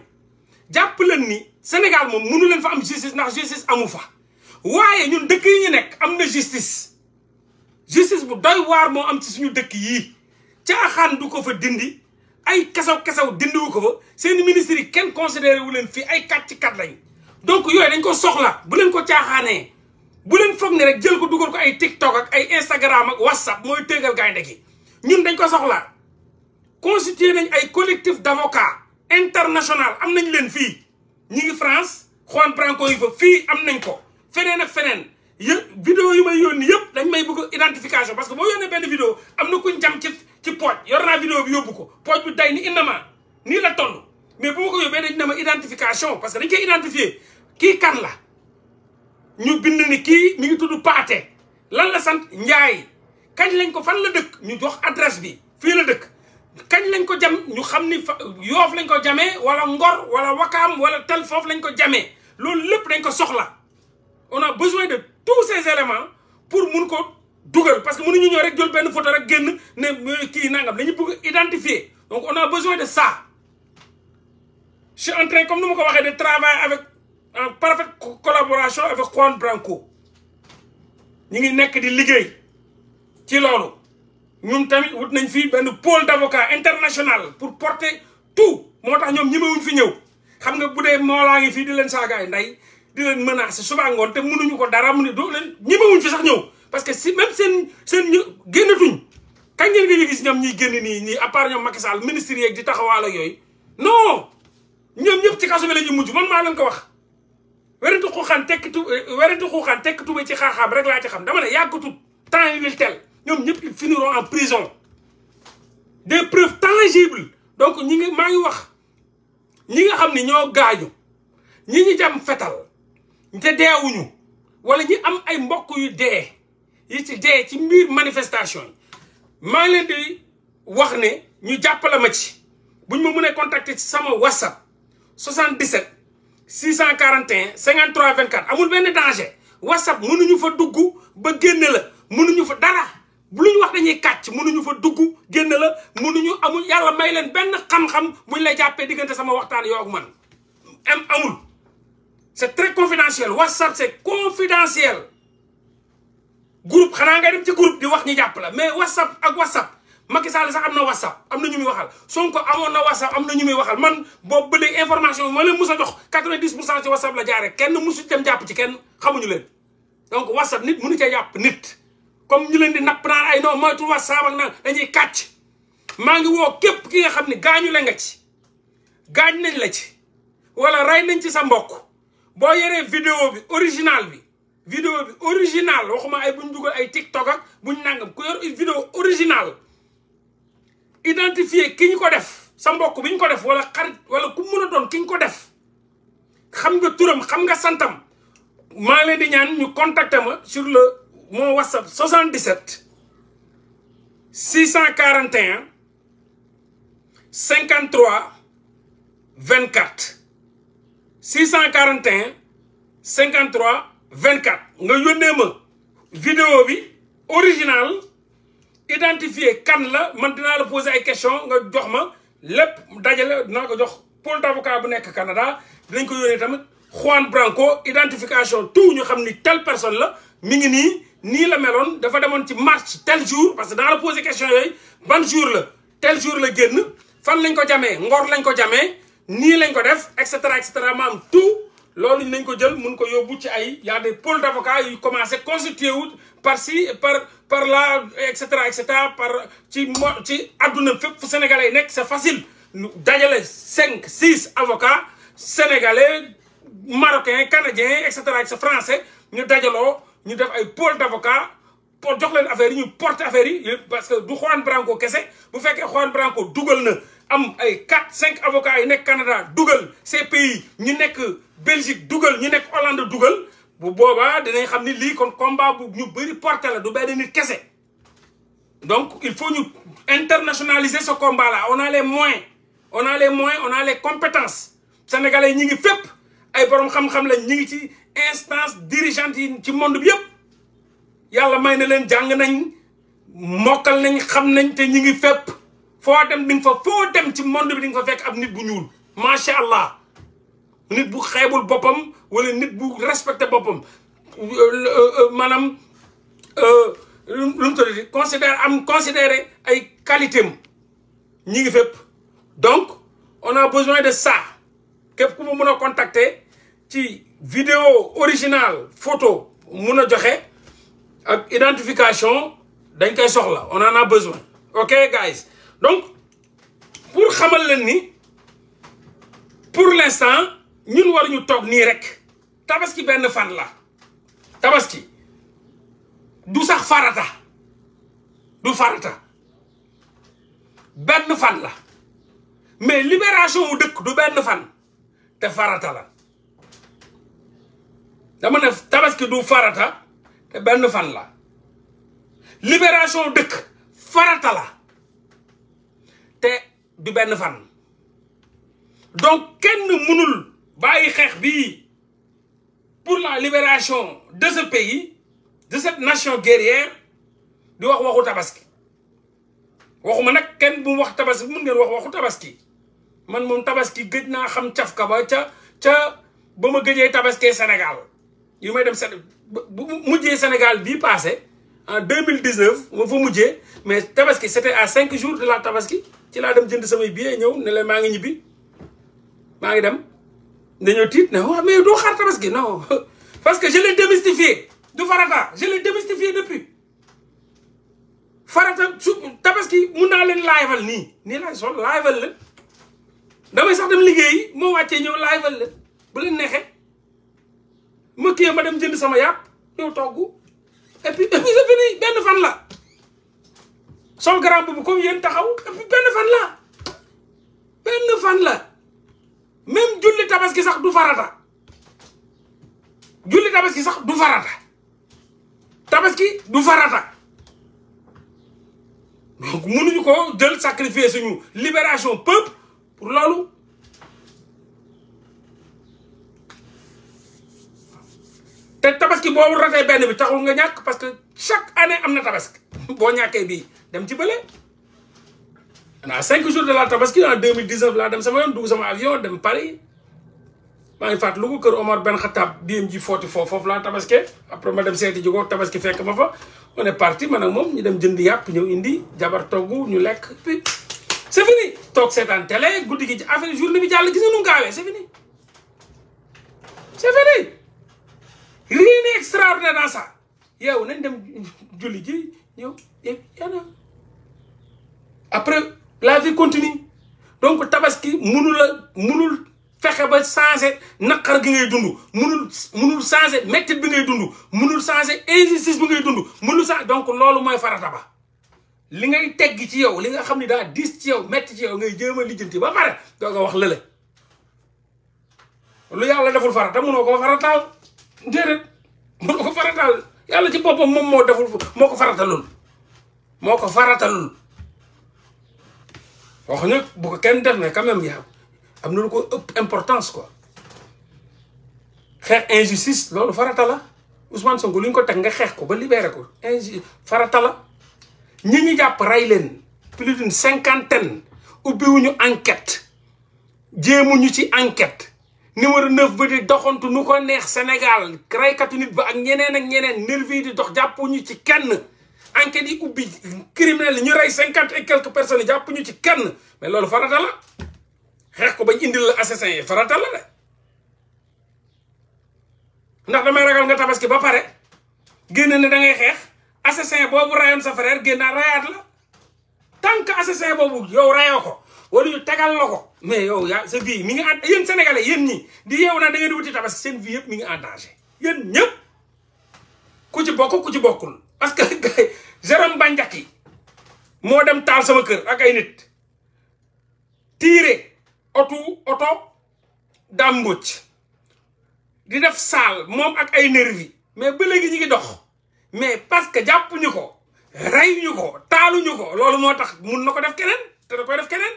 jàpp leen ni Sénégal moom mënu leen fa am justice ndax justice amu fa waaye ñun dëkk yi ñu nekk am na justice justice bu doy waar moo am ci suñu dëkk yi caaxaan du ko fa dindi ay kasaw kasaw dindiwu ko fa seeni ministres yi kenn considéré wu leen fii ay kat ci kat lañ donc yooyu dañ ko soxla bu leen ko caaxaanee bu leen foog ne rek jël ko dugal ko ay TikTok ak ay Instagram ak WhatsApp mooy tëngal gaynde gi ñun dañ ko soxla constitué nañ ay collectif d'avocats international am nañ leen fii ñi ngi France Juan Branco yi fa fii am nañ ko feneen ak feneen yëpp vidéo yi may yónni yëpp dañ may bëgg identification parce que boo yónnee benn vidéo am na kuñ jam ci ci pooj yor naa vidéo bi yóbbu ko pooj bi day ni innama nii la toll mais bu ma ko yóbbee dañ ne ma identification parce que dañ koy identifier kii kan la ñu bind ni kii mi ngi tudd Paate lan la sant Njaay kañ lañ ko fan la dëkk ñu jox adresse bi fii la dëkk kañ lañ ko jam ñu xam ni fa yoof lañ ko jamee wala ngor wala wakaam wala tel foofu lañ ko jamee loolu lépp dañ ko soxla on a besoin de tous ces éléments pour mun ko dugal parce que mënuñu ñëw rek jël benn photo rek génn ne euh, kii nangam lañu bëgg identifier donc on a besoin de ça je suis comme nu ma ko waxee de travailler avec en euh, parfaite collaboration avec Juan Branco ñu ngi nekk di liggéey ci loolu ñun tamit wut nañ fii benn pôle d'avocat international pour porter tout moo tax ñoom ñemewuñ fi ñëw xam nga bu dee moolaa ngi fii di leen saagaay nday di leen menacer suba ngoon te mënuñu ko dara mu ne doo leen ñemewuñ fi sax ñëw parce que si même seen seen ñu génnatuñ kañ ngeen nga gis ñoom ñuy génn nii ñii à part ñoom Macky ministre yeeg di taxawaal yooyu non ñoom ñëpp ci kaso bi la ñu mujj man maa leen ko wax wérintu xuuxaan tekkitu eh, wérintu xuuxaan tekkitu ba ci xaaxaam rek laa ci xam dama ne yàggatut temps yi will ñoom ñëpp ils finiront en prison des preuves tangibles donc ñi ngi maa ngi wax ñi nga xam ni ñoo gaañu ñi ñu jam fetal te deewuñu wala ñi am ay mbokk yu dee yi ci dee ci mbir manifestation yi maa leen di wax ne ñu jàppale ma ci buñ ma mënee contacter ci sama whatsapp 77 641 53 24 amul benn danger whatsapp mënuñu fa dugg ba génne la mënuñu fa dara lu ñu wax dañuy kàcc mënuñu fa dugg génne la mënuñu amul yàlla may leen benn xam-xam buñ lay jàppee diggante sama waxtaan yoo man am amul c'est très confidentiel whatsapp c'est confidentiel groupe xanaa nga dem ci groupe di wax ñu jàpp la mais whatsapp ak whatsapp Macky Sall sax am na whatsapp am na ñu muy waxal Sonko amoon na whatsapp am na ñu muy waxal man boo ba léegi information ma leen mus a jox quatre-vingt-dix pour cent ci whatsapp la jaaree kenn musu dem jàpp ci kenn ñu leen donc whatsapp nit mënu cee jàpp nit comme ñu leen di napp naan ay non moytu whatsapp ak naan dañuy kac maa ngi woo képp ki nga xam ne gaañu la nga ci gaañ nañ la ci wala rey nañ ci sa mbokk boo yoree vidéo bi original bi vidéo bi original waxuma ay buñ dugal ay tiktok ak buñ nangam ku yor vidéo original identifier ki ñu ko def sa mbokk bi ko def wala xarit wala ku mën doon ki ñu ko def xam nga turam xam nga santam maa leen di ñaan ñu contacter ma sur le mon whatsapp 77 641 53 24 641 53 24 nga yónnee ma vidéo bi original identifier kan la man dinaa la poser ay question nga jox ma lépp dajale dinaa ko jox pôle d'avocat bu nekk Canada dinañ ko yónnee tamit Juan Branco identification tout ñu xam ni telle personne la mi ngi nii nii la meloon dafa demoon ci marche tel jour parce que dinaa la poser question yooyu ban jour la tele jour la génn fan lañ ko jamee ngor lañ ko jamee nii lañ ko def et cetera et cetera loolu nañ ko jël mun ko yóbbu ci ay y a pole pôles yu commencé constitué wu par si par par là et cetera par ci mo ci àdduna fépp fu sénégalais yi nekk c'est facile dajale cinq six avocats sénégalais marocains canadiens et cetera et français ñu dajaloo ñu def ay pôles d'avocats pour jox leen affaire yi ñu porte affaire yi parce que du Juan Branco kese bu fekkee Juan Branco dugal na am ay quatre cinq avocats yi nekk Canada dugal ces pays ñu nekk Belgique dugal ñu nekk Hollande dugal bu boobaa dinañ xam ni lii kon combat bu ñu bëri porté du benn nit kese. donc il faut ñu internationaliser ce combat là on a les moyens on a les moyens on a les compétences ngi fépp ay borom xam-xam lañ ñi ngi ci instance dirigeante yi ci monde bi yëpp yàlla may na leen jàng nañ mokkal nañ xam nañ te ñi ngi fépp foo dem di nga fa foo dem ci monde bi di nga fa fekk ab nit bu ñuul macha allah. nit bu xeebul boppam wala nit bu respecté boppam maanaam lu mu tuddati considère am considéré ay qualité am ñi ngi fépp donc on a besoin de ça képp ku ma mën a contacter ci vidéo originale photo mun a joxe ak identification dañ koy soxla on en a besoin ok guys donc pour xamal leen ni pour l'instant ñun ñu toog nii rek tabaski benn fan la tabaski du sax farata du farata benn fan la mais libération wu dëkk du benn fan te farata la dama ne tabaski du farata te benn fan la libération dëkk farata la te du benn fan donc kenn mënul bàyyi xeex bi pour la libération de ce pays de cette nation guerrière di wax waxu tabaski waxuma nag kenn bu mu wax tabaski mun ngeen wax waxu tabaski man moom tabaski gëj naa xam cafka ba ca ca ba ma gëjee tabaskee Sénégal yu may dem sa bu mujjee Sénégal bii passé en deux mille dix neuf ma fa mujjee mais tabaski c'était à cinq jours de la tabaski ci laa dem jënd samay billets ñëw ne la maa ngi ñibbi maa ngi dem. dañoo tiit ne waaw mais doo xaar tabaski non [LAUGHS] parce que je l'ai démystifié du farata je l'ai démystifié depuis farata tabaski mun naa leen laajal nii nii laay sol laajal la damay sax dem liggéey moo wàccee ñëw laajal la bu leen neexee ma kii ma dem jënd sama yàpp ñëw togg et puis et benn fan la sol grand boobu comme yéen taxaw et puis benn fan la benn fan la. même julli tabaski sax du farata julli tabaski sax du farata tabaski du farata donc mënuñu ko jël sacrifier suñu libération peuple pour loolu te tabaski boo ratee benn bi taxul nga ñàkk parce que chaque année am na tabaski [LAUGHS] boo ñàkkee bii dem ci bële waa cinq jours de la tabaski en deux mille dix neuf laa dem sama yoon dugg sama avion dem Paris maa ngi fàttaliku ko kër Omar Ben Khattab biem ji footi foofu foofu laa tabaske après ma dem seeti ji ko tabaski fekk ma fa on est parti man ak moom ñu dem jënd yàpp ñëw indi jabar togg ñu lekk puis c'est fini toog seetaan télé guddi gi ci affaire journée bi jàll gis nu mu gaawee fini c'est fini rien n'est extraordinaire dans ça yow nañ dem julli ji ñëw après la vie continue donc tabaski munul a munul fexe ba changer naqar gi ngay dund munul munul changer mettit bi ngay dund munul changer injustice ngay dund munul changer donc loolu mooy farata ba li ngay tegg ci yow li nga xam ni daa diis ci yow metti ci yow ngay jéem a lijjanti ba pare doo ko wax lële lu yàlla deful farata munoo ko farataal déedéet munoo ko farataal yàlla ci boppam moom moo deful moo ko faratalul moo ko faratalul wax nag bu ko kenn def mais quand même yaa am na lu ko ëpp importance ko xeex injustice loolu farata la Ousmane Sonko lu ñu ko teg nga xeex ko ba libéré ko injustice farata la ñi ñu jàpp rey leen plus d'une cinquantaine ubbiwuñu jéem uñu ci enquête numéro neuf ba di doxantu nu ko neex Sénégal raykatu nit ba ak ñeneen ak ñeneen nervi di dox jàppuñu ci kenn enquête yi ubbi criminel yi ñu rey cinquante et quelques personnes yi jàpp ñu ci kenn mais loolu farata xeex ko bañ indil la assassin yi farata la de ndax damay ragal nga tabaski ba pare génn ne da ngay xeex assassin boobu rayoon sa frère génnaa rayaat la tant que assassin boobu yow rayoo ko wala ñu tagal loo ko mais yow yaa sa vie mi ngi en yéen sénégalais yéen ñi di yeewu naa da ngeen di wuti seen vie yëpp mi ngi en yéen ñëpp ku ci bokk ku ci bokkul parce que Jérôme Bandiaki moo dem taal sama kër ak ay nit tiire otu oto dàmbuj di def saal moom ak ay nervi mais ba léegi ñu ngi dox mais parce que jàppuñu ko reyuñu ko taaluñu ko loolu moo tax mun na ko def keneen te da koy def keneen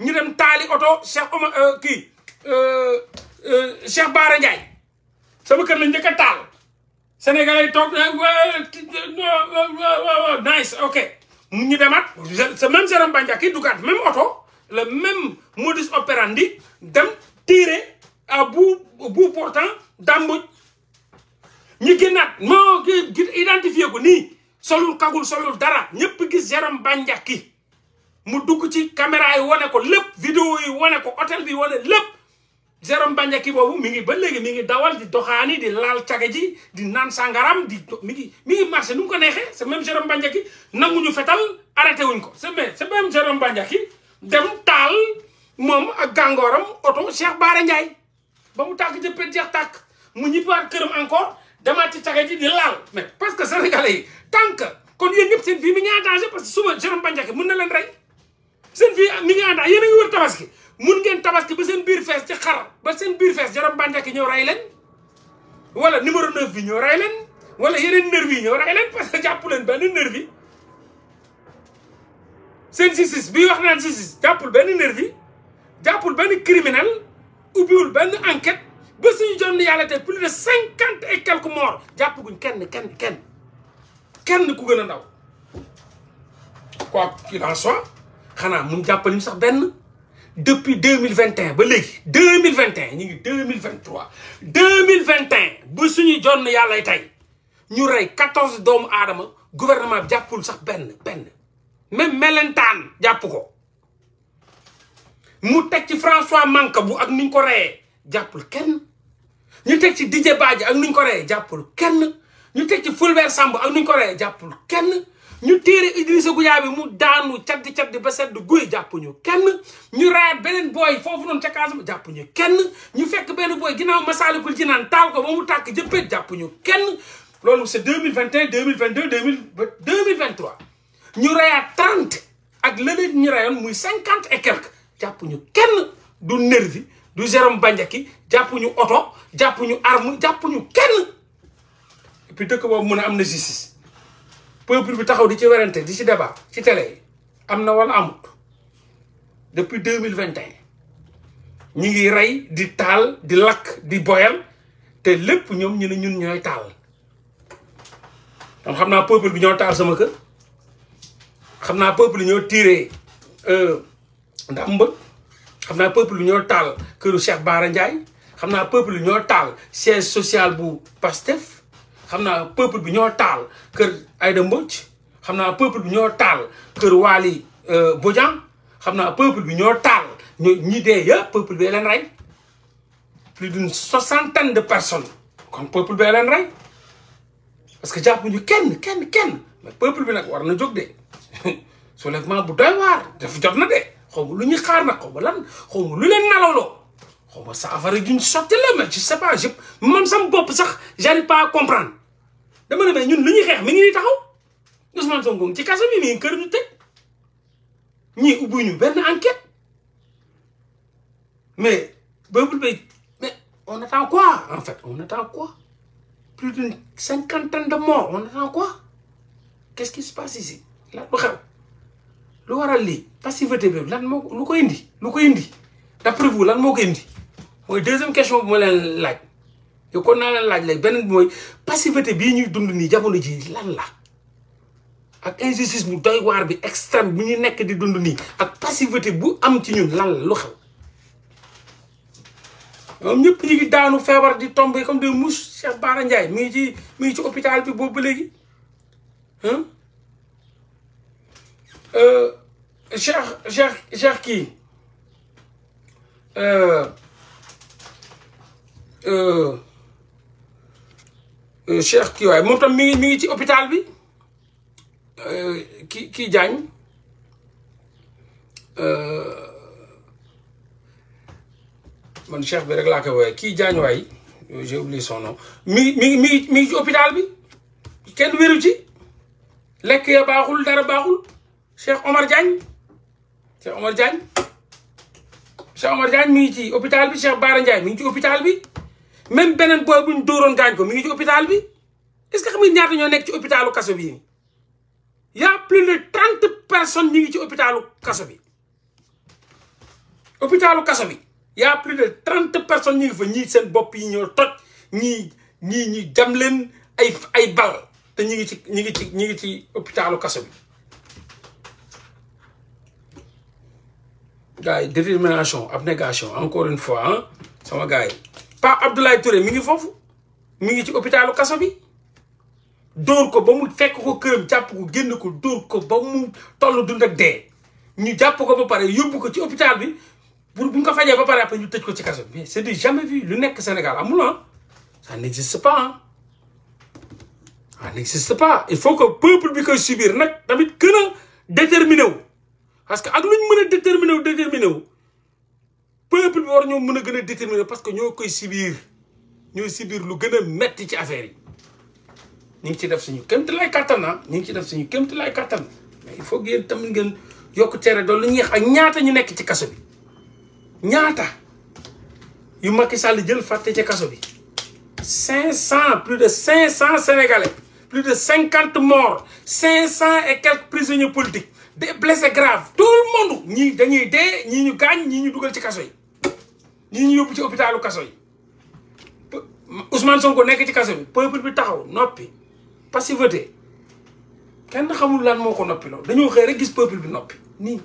ñu dem taali oto Cheikh Omar euh, kii euh, euh, Cheikh Baara Ndiaye sama kër lañ njëkk a taal Sénégalais yi toog nice ok ñu demaat sa même Jérôme Bandiaky dugaat même oto le même modus operandi dem tirer à bout bout portant dàmbuj ñu génnaat moo identifié ko nii solul kagul solul dara ñëpp gis Jérôme Bandiaky mu dugg ci caméra yi wane ko lépp vidéo yi wane ko hôtel bi wane lépp Jérôme ki boobu mi ngi ba léegi mi ngi dawal di doxaani di laal cage ji di naan sangaram di mi ngi mi ngi marché nu mu ko neexee c'est même Jérôme Bandiaky nanguñu fetal arrêté wuñ ko c'est même c'est même Jérôme Bandiaky dem taal moom ak gàngooram oto Cheikh baare Ndiaye ba mu tàkk jëppee jeex tàkk mu ñibbaat këram encore demaat ci cage ji di laal mais parce que sénégalais yi tant que kon yéen ñëpp seen vie mi ngi en danger parce que suba Jérôme Bandiaky mën na leen rey seen vie mi ngi en danger yéen wër tabaski mun ngeen tabaski ba seen biir fees ci xar ba seen biir fees jaram bànjaki ñëw rey leen wala numéro 9 bi ñëw rey leen wala yeneen nervi yi ñëw rey leen parce que jàpp benn nervi seen justice bii wax naan justice jàppul benn nervi jàppul benn criminel ubbiwul benn enquête ba suñu jonn yàlla te plus de cinquante et quelques morts jàppaguñ kenn kenn kenn kenn ku gën a ndaw quoi qu'il en soit xanaa mun jàppaliñ sax benn depuis deux mille vingt et un ba léegi deux mille vingt un ñu ngi deux mille vingt trois deux mille vingt un ba suñu jonn yàllay tey ñu rey quatorze doomu aadama gouvernement bi jàppul sax benn benn même melentaan jàpp ko mu teg ci François Mancabou ak nuñ ko reyee jàppul kenn ñu teg ci Didier Badji ak nuñ ko reyee jàppul kenn ñu teg ci Fulbert Sambou ak nuñ ko reyee jàppul kenn ñu téere Idrissa Goudiaby bi mu daanu caddi caddi ba sedd guy jàppuñu kenn ñu rayaat beneen booy foofu noonu ca Casamance jàppuñu kenn ñu fekk benn booy ginnaaw Masaalikul Jinaan taal ko ba mu tàkk jëppee jàppuñu kenn loolu c'est deux mille vingt et un deux mille vingt deux deux mille deux mille vingt trois ñu rayaat trente ak leneen ñu rayoon muy cinquante et quelque jàppuñu kenn du nervi du Jérôme Bandiaky jàppuñu oto jàppuñu arme jàppuñu kenn et puis dëkk boobu mun a am na justice peuple bi taxaw di ci werante di ci débat ci télé am na wala amut depuis deux mille vingt et un ñu ngi rey di taal di lakk di boyal te lépp ñoom ñu ne ñun ñooy taal. donc xam naa peuple bi ñoo taal sama kër xam naa peuple ñoo tiré euh, ndàmb xam naa peuple bi ñoo taal këru Cheikh Bara Ndiaye xam naa peuple ñoo taal siège social bu Pastef. xam naa peuple bi ñoo taal kër ayda Mbodj xam naa peuple bi ñoo taal kër Waly euh, Bodian xam naa peuple bi ñoo taal ñoo ñi dee yëpp peuple bee leen rey plus d'une soixantaine de personnes kon peuple bee leen parce que jàppuñu kenn kenn kenn mais peuple bi nag war na jóg de [LAUGHS] soulèvement bu doy waar def jot na de xaw ma lu ñuy xaar nag xaw ma lan xaw ma lu leen nalaloo xaw ma saafara juñ sotti la mais je sais pas je man sam bopp sax j'arrive pas à comprendre dama ne mais ñun lu ñuy xeex mi ngi nii taxaw Ousmane Sonko ci kaso bi mi ngi kër du tëj ñii ubbi ñu benn enquête mais Boubacar Bay mais on attend quoi en fait on attend quoi plus d'une cinquantaine de morts on attend quoi qu'est-ce qui se passe ici lan lu xew lu waral lii passivité bi lan moo lu ko indi lu ko indi d'après vous lan moo ko mooy deuxième question bu ma leen laaj yow kon naa leen laaj léegi beneen bi mooy passivité bii ñuy dund nii jamono ji lan la ak injustice bu doy waar bi extrême bu ñu nekk di dund nii ak passivité bu am ci ñu lan la lu xew ñoom ñëpp ñu ngi daanu feebar di tombé comme des mouches Cheikh Bara Ndiaye mi ngi ci mi ci hôpital bi boobu ba léegi euh, kii euh, Euh, euh, Cheikh kii waaye moom tam mi ngi mi ngi ci hôpital bi euh, ki kii Diagne man Cheikh bi rek laa koy wooye kii Diagne waay j'ai oublié son nom mi ngi mi mi ngi ci hôpital bi kenn wéru ci lekk ya baaxul dara baaxul Cheikh Omar Diagne Cheikh Omar Diagne Cheikh mi ngi ci hôpital bi Cheikh Bara Ndiaye mi ngi ci hôpital bi même beneen booy bu ñu dóoroon gaañ ko mi ngi ci hôpital bi est-ce que xam nga ñaata ñoo nekk ci hôpitalu kaso bi y a plus de trente personnes ñi ngi ci hôpitalu kaso bi hôpitalu kaso bi y a plus de trente personnes ñi ngi fa ñii seen bopp yi ñoo toj ñii ñii ñi jam leen ay ay bal te ñi ngi ci ñi ngi ci ñi ngi ci hôpitalu kaso bi gars yi détermination abnégation encore une fois ah sama gars yi Pape Abdoulaye Touré mi ngi foofu mi ngi ci hôpitalu kaso bi dóor ko ba mu fekk ko këram jàpp ko génn ko dóor ko ba mu toll dund ak dee ñu jàpp ko ba pare yóbbu ko ci hôpital bi pour bu ñu ko fajee ba pare après ñu tëj ko ci kaso bi mais c'est du jamais vu lu nekk Sénégal la ah ça n'existe pas ah ça n'existe pas il faut que peuple bi koy subir nag tamit gën a déterminé wu parce que ak lu ñu mën a déterminé wu déterminé wu peuple bi war ñoo mën a gën a déterminer parce que ñoo koy sibir ñooy sibiir lu gën a metti ci affaire yi ñu ngi ci def suñu kémti lay kattan ah ñu ngi ci def suñu kémti lay kattan mais il faut que tamit ngeen yokk teere doon lu ñeex ak ñaata ñu nekk ci kaso bi ñaata yu Macky Sall jël fàtte ci kaso bi cinq cent plus de cinq cent sénégalais plus de cinquante morts cinq cent et quelques prisonniers politiques des blessés graves tout le monde ñii dañuy dee ñii ñu gaañ ñii ñu dugal ci kaso yi ñi ñu yóbbu ci hôpitalu kaso yi Ousmane Sonko nekk ci kaso bi peuple bi taxaw noppi passivité kenn xamul lan moo ko noppi loolu dañoo xëy rek gis peuple bi noppi nii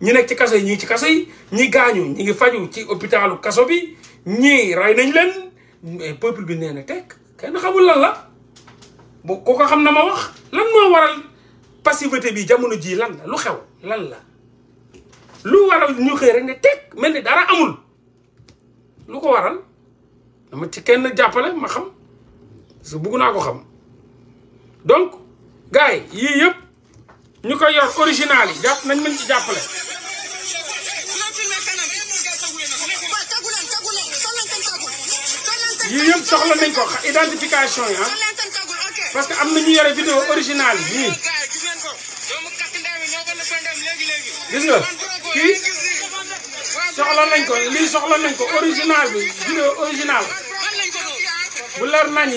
ñi nekk ci kaso yi ñii ci kaso yi ñi gaañu ñi ngi faju ci hôpitalu kaso bi ñii rey nañ leen mais bi nee na tekk kenn xamul lan la bu ko ko xam na ma wax lan moo waral passivité bi jamono jii lan la lu xew lan la lu waral ñu xëy rek ne teg mel ni dara amul lu ko waral dama ci kenn jàppale ma xam su bugg naa ko xam donc gars yi yii yëpp ñu koy yor original yi jàpp nañ mën ci jàppale yii yëpp soxla nañ ko identification yi ah parce que am na ñu yore vidéo original yi gis nga kii soxla nañ ko lii soxla nañ ko original bi vidéo original bu leer nañ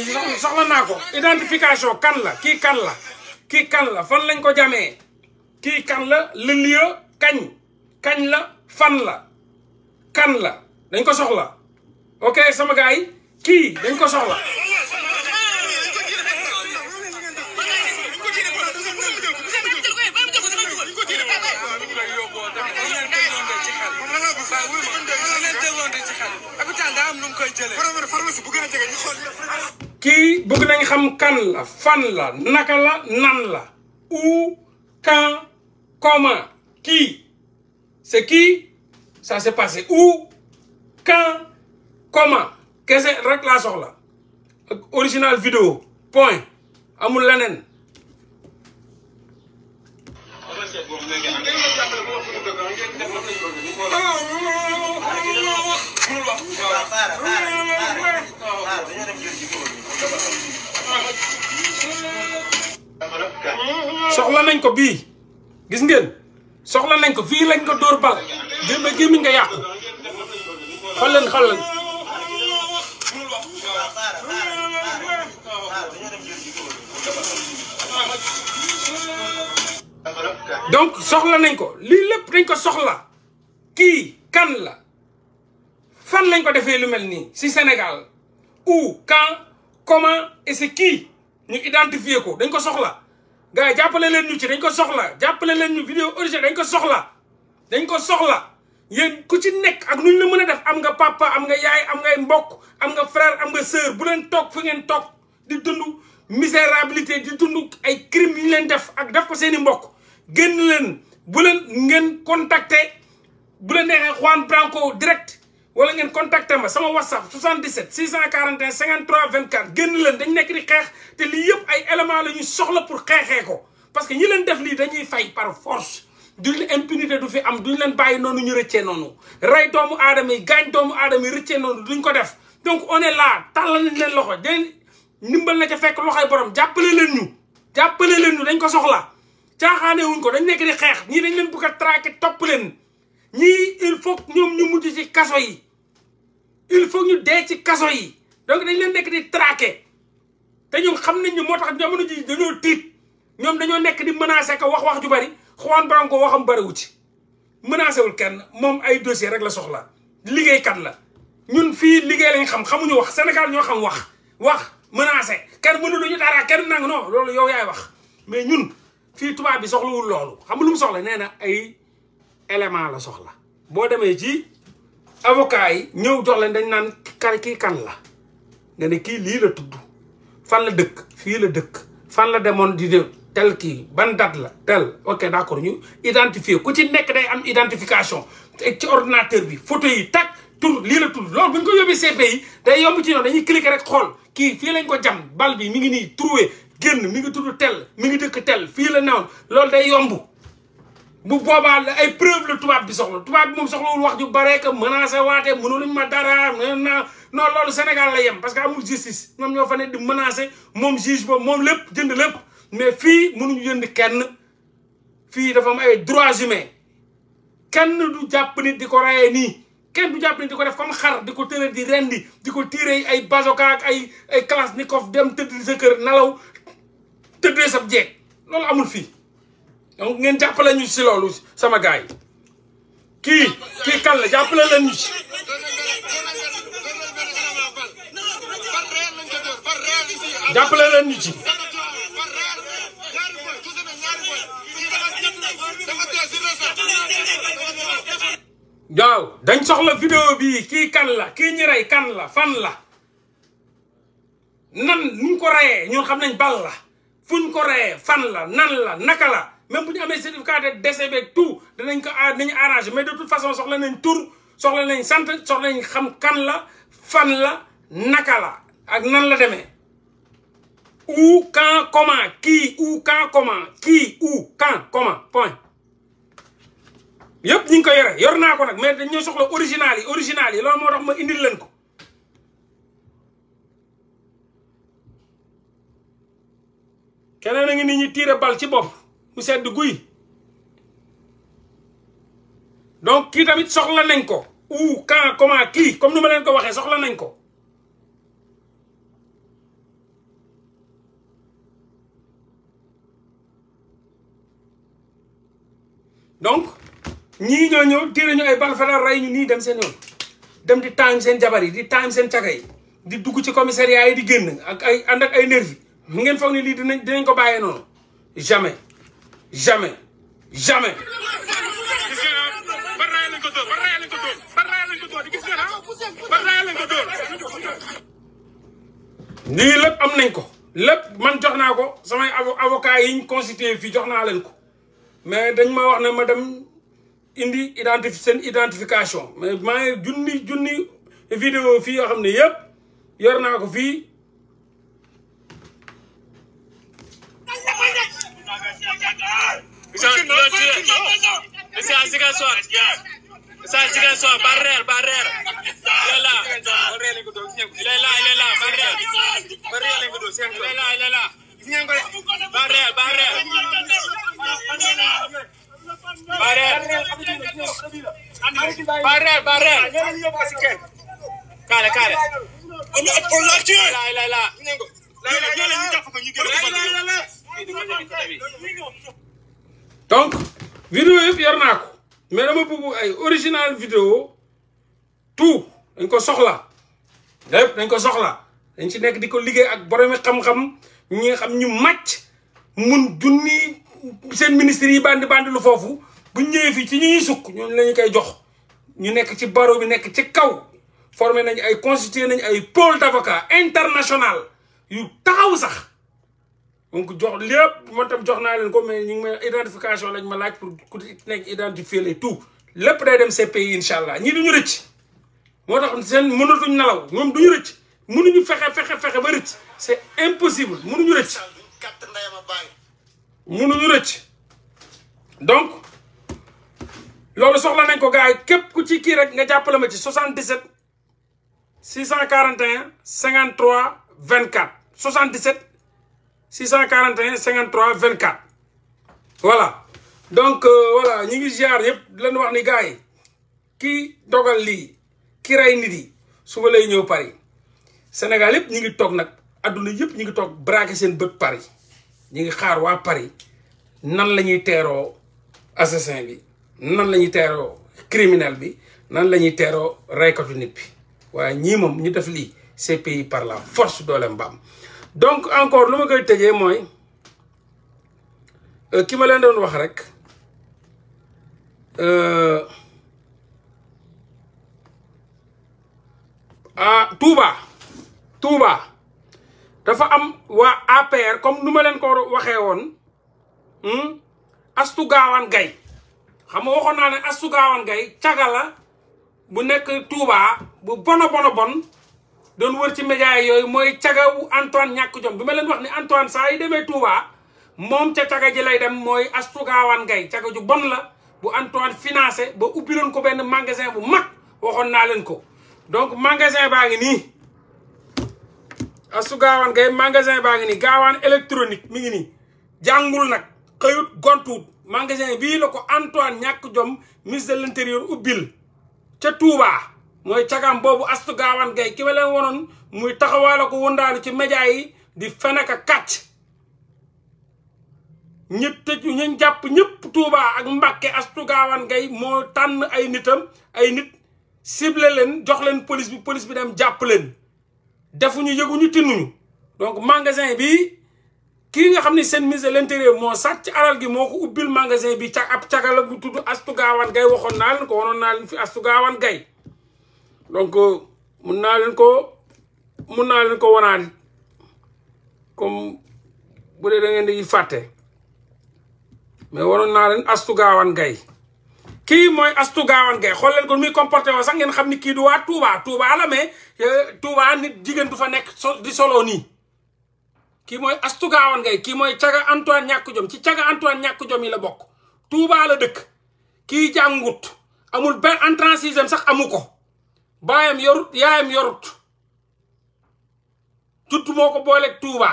soxla naa ko identification kan la kii kan la kii kan la fan lañ ko jamee kii kan la le kañ kañ la fan la kan la dañ ko soxla ok sama gars kii dañ ko soxla kii bëgg nañ xam kan la fan la naka la nan la où quand comment kii c'est qui ça s'est passé où quand comment kese rek laa soxla original vidéo point amul leneen soxla nañ ko bii gis ngeen soxla nañ ko fii lañ ko dóor bal gémé gémmiñ nga yàqu xool donc soxla nañ ko lii lépp dañ ko soxla kii kan la fan lañ ko defee lu mel nii si Sénégal où quand comment et c'est qui ñu identifier ko dañ ko soxla gars jàppale leen ñu ci dañ ko soxla jàppale leen ñu vidéo origine dañ ko soxla dañ ko soxla yéen ku ci nekk ak nuñ la mën a def am nga pàppa am nga yaay am ngay mbokk am nga frère am nga sœur bu leen toog fu ngeen toog di dund misérabilité di dund ay crimes yu ñu leen def ak def ko seen mbokk génn leen bu leen ngeen contacter bu leen neexee Juan Branco direct wala ngeen contacter ma sama whatsapp 77 641 53 24 génn leen dañ nekk di xeex te lii yëpp ay éléments la ñuy soxla pour xeexee ko parce que ñi leen def lii dañuy fay par force duñ impunité du fi am duñ leen bàyyi noonu ñu rëccee noonu rey doomu aadama yi gaañ doomu aadama yi rëccee noonu duñ ko def donc on est là tàllal nañ leen loxo den ndimbal na ca fekk loxoy borom jàppale leen ñu jàppale leen ñu dañ ko soxla caaxaane wuñ ko dañ nekk di xeex ñii dañ leen bëgg a traqué topp leen ñii il faut ñoom ñu mujj ci kaso yi il faut ñu dee ci kaso yi donc dañ leen nekk di traqué te ñoom xam nañ ñu moo tax jamono ji dañoo tiit ñoom dañoo nekk di menacé ka wax wax ju bari Juan Branco waxam bariwu ci menacé wul kenn moom ay dossier rek la soxla liggéey kat la ñun fii liggéey lañ xam xamuñu wax Sénégal ñoo xam wax wax menacé kenn mënu lu ñu dara kenn nang noo loolu yow yaay wax mais ñun fii tubaab bi soxlawul loolu xam nga lu mu soxla nee na ay élément la soxla boo demee ci avocat yi ñëw jox leen dañ naan kan kii kan la nga ne kii lii la tudd fan la dëkk fii la dëkk fan la demoon di tel kii ban date la tel ok d'accord ñu identifier ku ci nekk day am identification ci ordinateur bi photo yi tag tur lii la tur loolu bu ñu ko yóbbee CPI day yomb ci ñoom dañuy cliquer rek xool kii fii lañ ko jam bal bi mi ngi nii trouvé génn mi ngi tudd tel mi ngi dëkk tel fii la newoon loolu day yomb bu boobaa ay preuve la tubaab bi soxla tubaab bi moom soxlawul wax ju baree que menacé waate mënuluñ ma dara na non loolu Sénégal la yem parce que amul justice ñoom ñoo fa ne di menacé moom juge boobu moom lépp jënd lépp mais fii mënuñu jënd kenn fii dafa am ay droits humains kenn du jàpp nit di ko rayee nii kenn du jàpp ni di ko def comme xar di ko tëral di rendi di ko tiire ay bazooka ak ay ay kalachnikov dem tëdd sa kër nalaw tëddee sab jeeg loolu amul fii donc ngeen jàppale ñu si loolu sama gars yi kii kii kan la jàppale leen ñu si jàppale leen ñu ci waaw dañ soxla vidéo bii kii kan la kii ñi rey kan la fan la nan nuñ ko reyee ñun xam nañ bal la fuñ ko reyee fan la nan la naka la même bu ñu amee certificat de décès beeg tout danañ ko nañu arrangé mais de toute façon soxla nañ tur soxla nañ sant soxla nañ xam kan la fan la naka la ak nan la demee où quand comment qui où quand comment qui où quand comment point yëpp ñu ngi ko yore yor naa ko nag mais dañoo soxla original yi original loolu moo tax ma indil leen ko keneen a ngi nit ñi tiire bal ci bopp mu sedd guy donc kii tamit soxla nañ ko ou quand comment kii comme nu ma leen ko waxee soxla nañ ko donc ñii ñoo ñëw ñu ay bal fadal rey ñu nii dem seen yoon dem di time seen jabar yi di time seen caga yi di dugg ci commissariat yi di génn ak ay ànd ak ay nervi ngeen foog ni lii dinañ dinañ ko bàyyee noonu jamais jamais jamais. Ah, ah, lii lépp am nañ ko lépp man jox naa ko samay avocat yi ñu constitué fii jox naa leen ko mais dañ ma wax ne ma dem indi identif seen identification mais maa ngi junni junni vidéo fii yoo xam ne yëpp naa ko fii. Isa Ziguinchor Isa Ziguinchor ba reer ba reer Ilela Ilela Ilela ba reer Ilela Ilela ba reer ba reer ba reer ba reer kaale kaale Ilela Ilela Ilela donc vidéo yëpp yor naa ko mais dama bëgg ay original vidéo tout dañ ko soxla dañ ko soxla dañ ci nekk di ko liggéey ak boromi xam-xam ñi xam ñu màcc mun junni seen ministres yi bandi bandi lu foofu buñ ñëwee fii ci ñuy sukk ñooñu la ñu koy jox ñu nekk ci baro bi nekk ci kaw formé nañ ay constitué nañ ay pôle d'avocat international yu taxaw sax donc jox lépp man tam jox naa leen ko mais ñu ngi may identification lañ ma laaj pour ku nekk identifier les tout lépp day dem CPI incha allah ñii duñu rëcc moo tax seen mënatuñ nalaw ñoom duñu rëcc mënuñu fexe fexe fexe ba rëcc c'est impossible mënuñu rëcc mënuñu rëcc donc loolu soxla nañ ko gars yi képp ku ci kii rek nga jàppale ma ci 77 641 53 24 77 641 vingt 24 voilà donc euh, voilà ñu ngi genre yëpp leen wax ni gars yi ki dogal lii ki rey nit yi suba lay ñëw Paris Sénégal yëpp ñu ngi toog nag adduna yëpp ñu ngi toog braqué seen bët Paris ñu ngi xaar waa Paris nan la ñuy teeroo assassin bi nan la ñuy teeroo criminel bi nan la ñuy teeroo reykatu nit bi waaye ñii moom ñu def lii c'est payé par la force doole mbaam donc encore lu ma koy mooy euh, ki ma leen doon wax rek euh, ah Touba Touba dafa am wa APR comme nu ma leen ko waxee woon hmm, Astou Gawane Gaye xam nga waxoon naa ne Astou Gawane Gaye caga bu nekk Touba bu bona bona bon doon wër ci média yooyu mooy cagawu Antoine ñàkk jom bi ma leen wax ni Antoine saa yi demee Touba moom ca caga ji lay dem mooy Astou Gawane Gaye caga ju bon la bu Antoine financé ba ubbi ko benn magasin bu mag waxoon naa leen ko donc magasin baa ngi nii Astou Gawane Gaye magasin baa ngi nii gaawaan électronique mi ngi nii jàngul nag xëyut gontuut magasin bii la ko Antoine ñàkk jom ministre de l'intérieur ubbil ca Touba mooy cagaam boobu astu gaawaan gay ki ma leen wonoon muy taxawaale ko wëndaalu ci média yi di feneka kàcc ñëpp tëj ñu jàpp ñëpp tuubaa ak mbàkke astu gaawaan gay moo tànn ay nitam ay nit cible leen jox leen police bi police bi dem jàpp leen defuñu yëguñu tinnuñu donc magasin bi kii nga xam ni seen ministre de l'intérieur moo sàcc alal gi moo ko ubbil magasin bi ca ab cagala bu tudd astu gaawaan gay waxoon naa leen ko wonoon naa leen fi astu gaawaan gay donc mun naa leen ko mun naa leen ko wanaan comme bu dee da ngeen di fàtte mais waroon naa leen Astou Gawane Gaye kii mooy Astou Gawane Gaye xool leen ko muy comporté woo sax ngeen xam ni kii du waa Touba Touba la mais euh, Touba nit jigéen du fa nekk di solo nii kii mooy Astou Gawane Gaye kii mooy caga Antoine ñàkk jom ci caga Antoine ñàkk jom yi la bokk Touba la dëkk kii jàngut amul benn entrée sax amu ko baayam yorut yaayam yorut judd moo ko booleeg Touba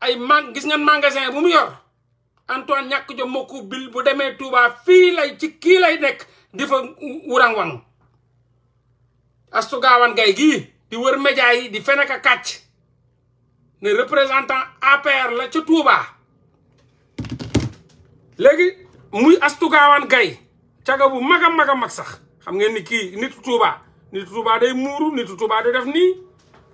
ay mag gis ngeen magasin bu mu yor Antoine ñakk jom mokku bil bu demee Touba fii lay ci kii lay nekk di fa wurang-wang astu gaawan gay gii di wër média yi di fenek a kàcc ne représentant APR la ci Touba léegi muy astu gaawan gay caga bu mag a mag a mag sax xam ngeen ni kii nitu Touba nitu Touba day muuru nitu Touba day def nii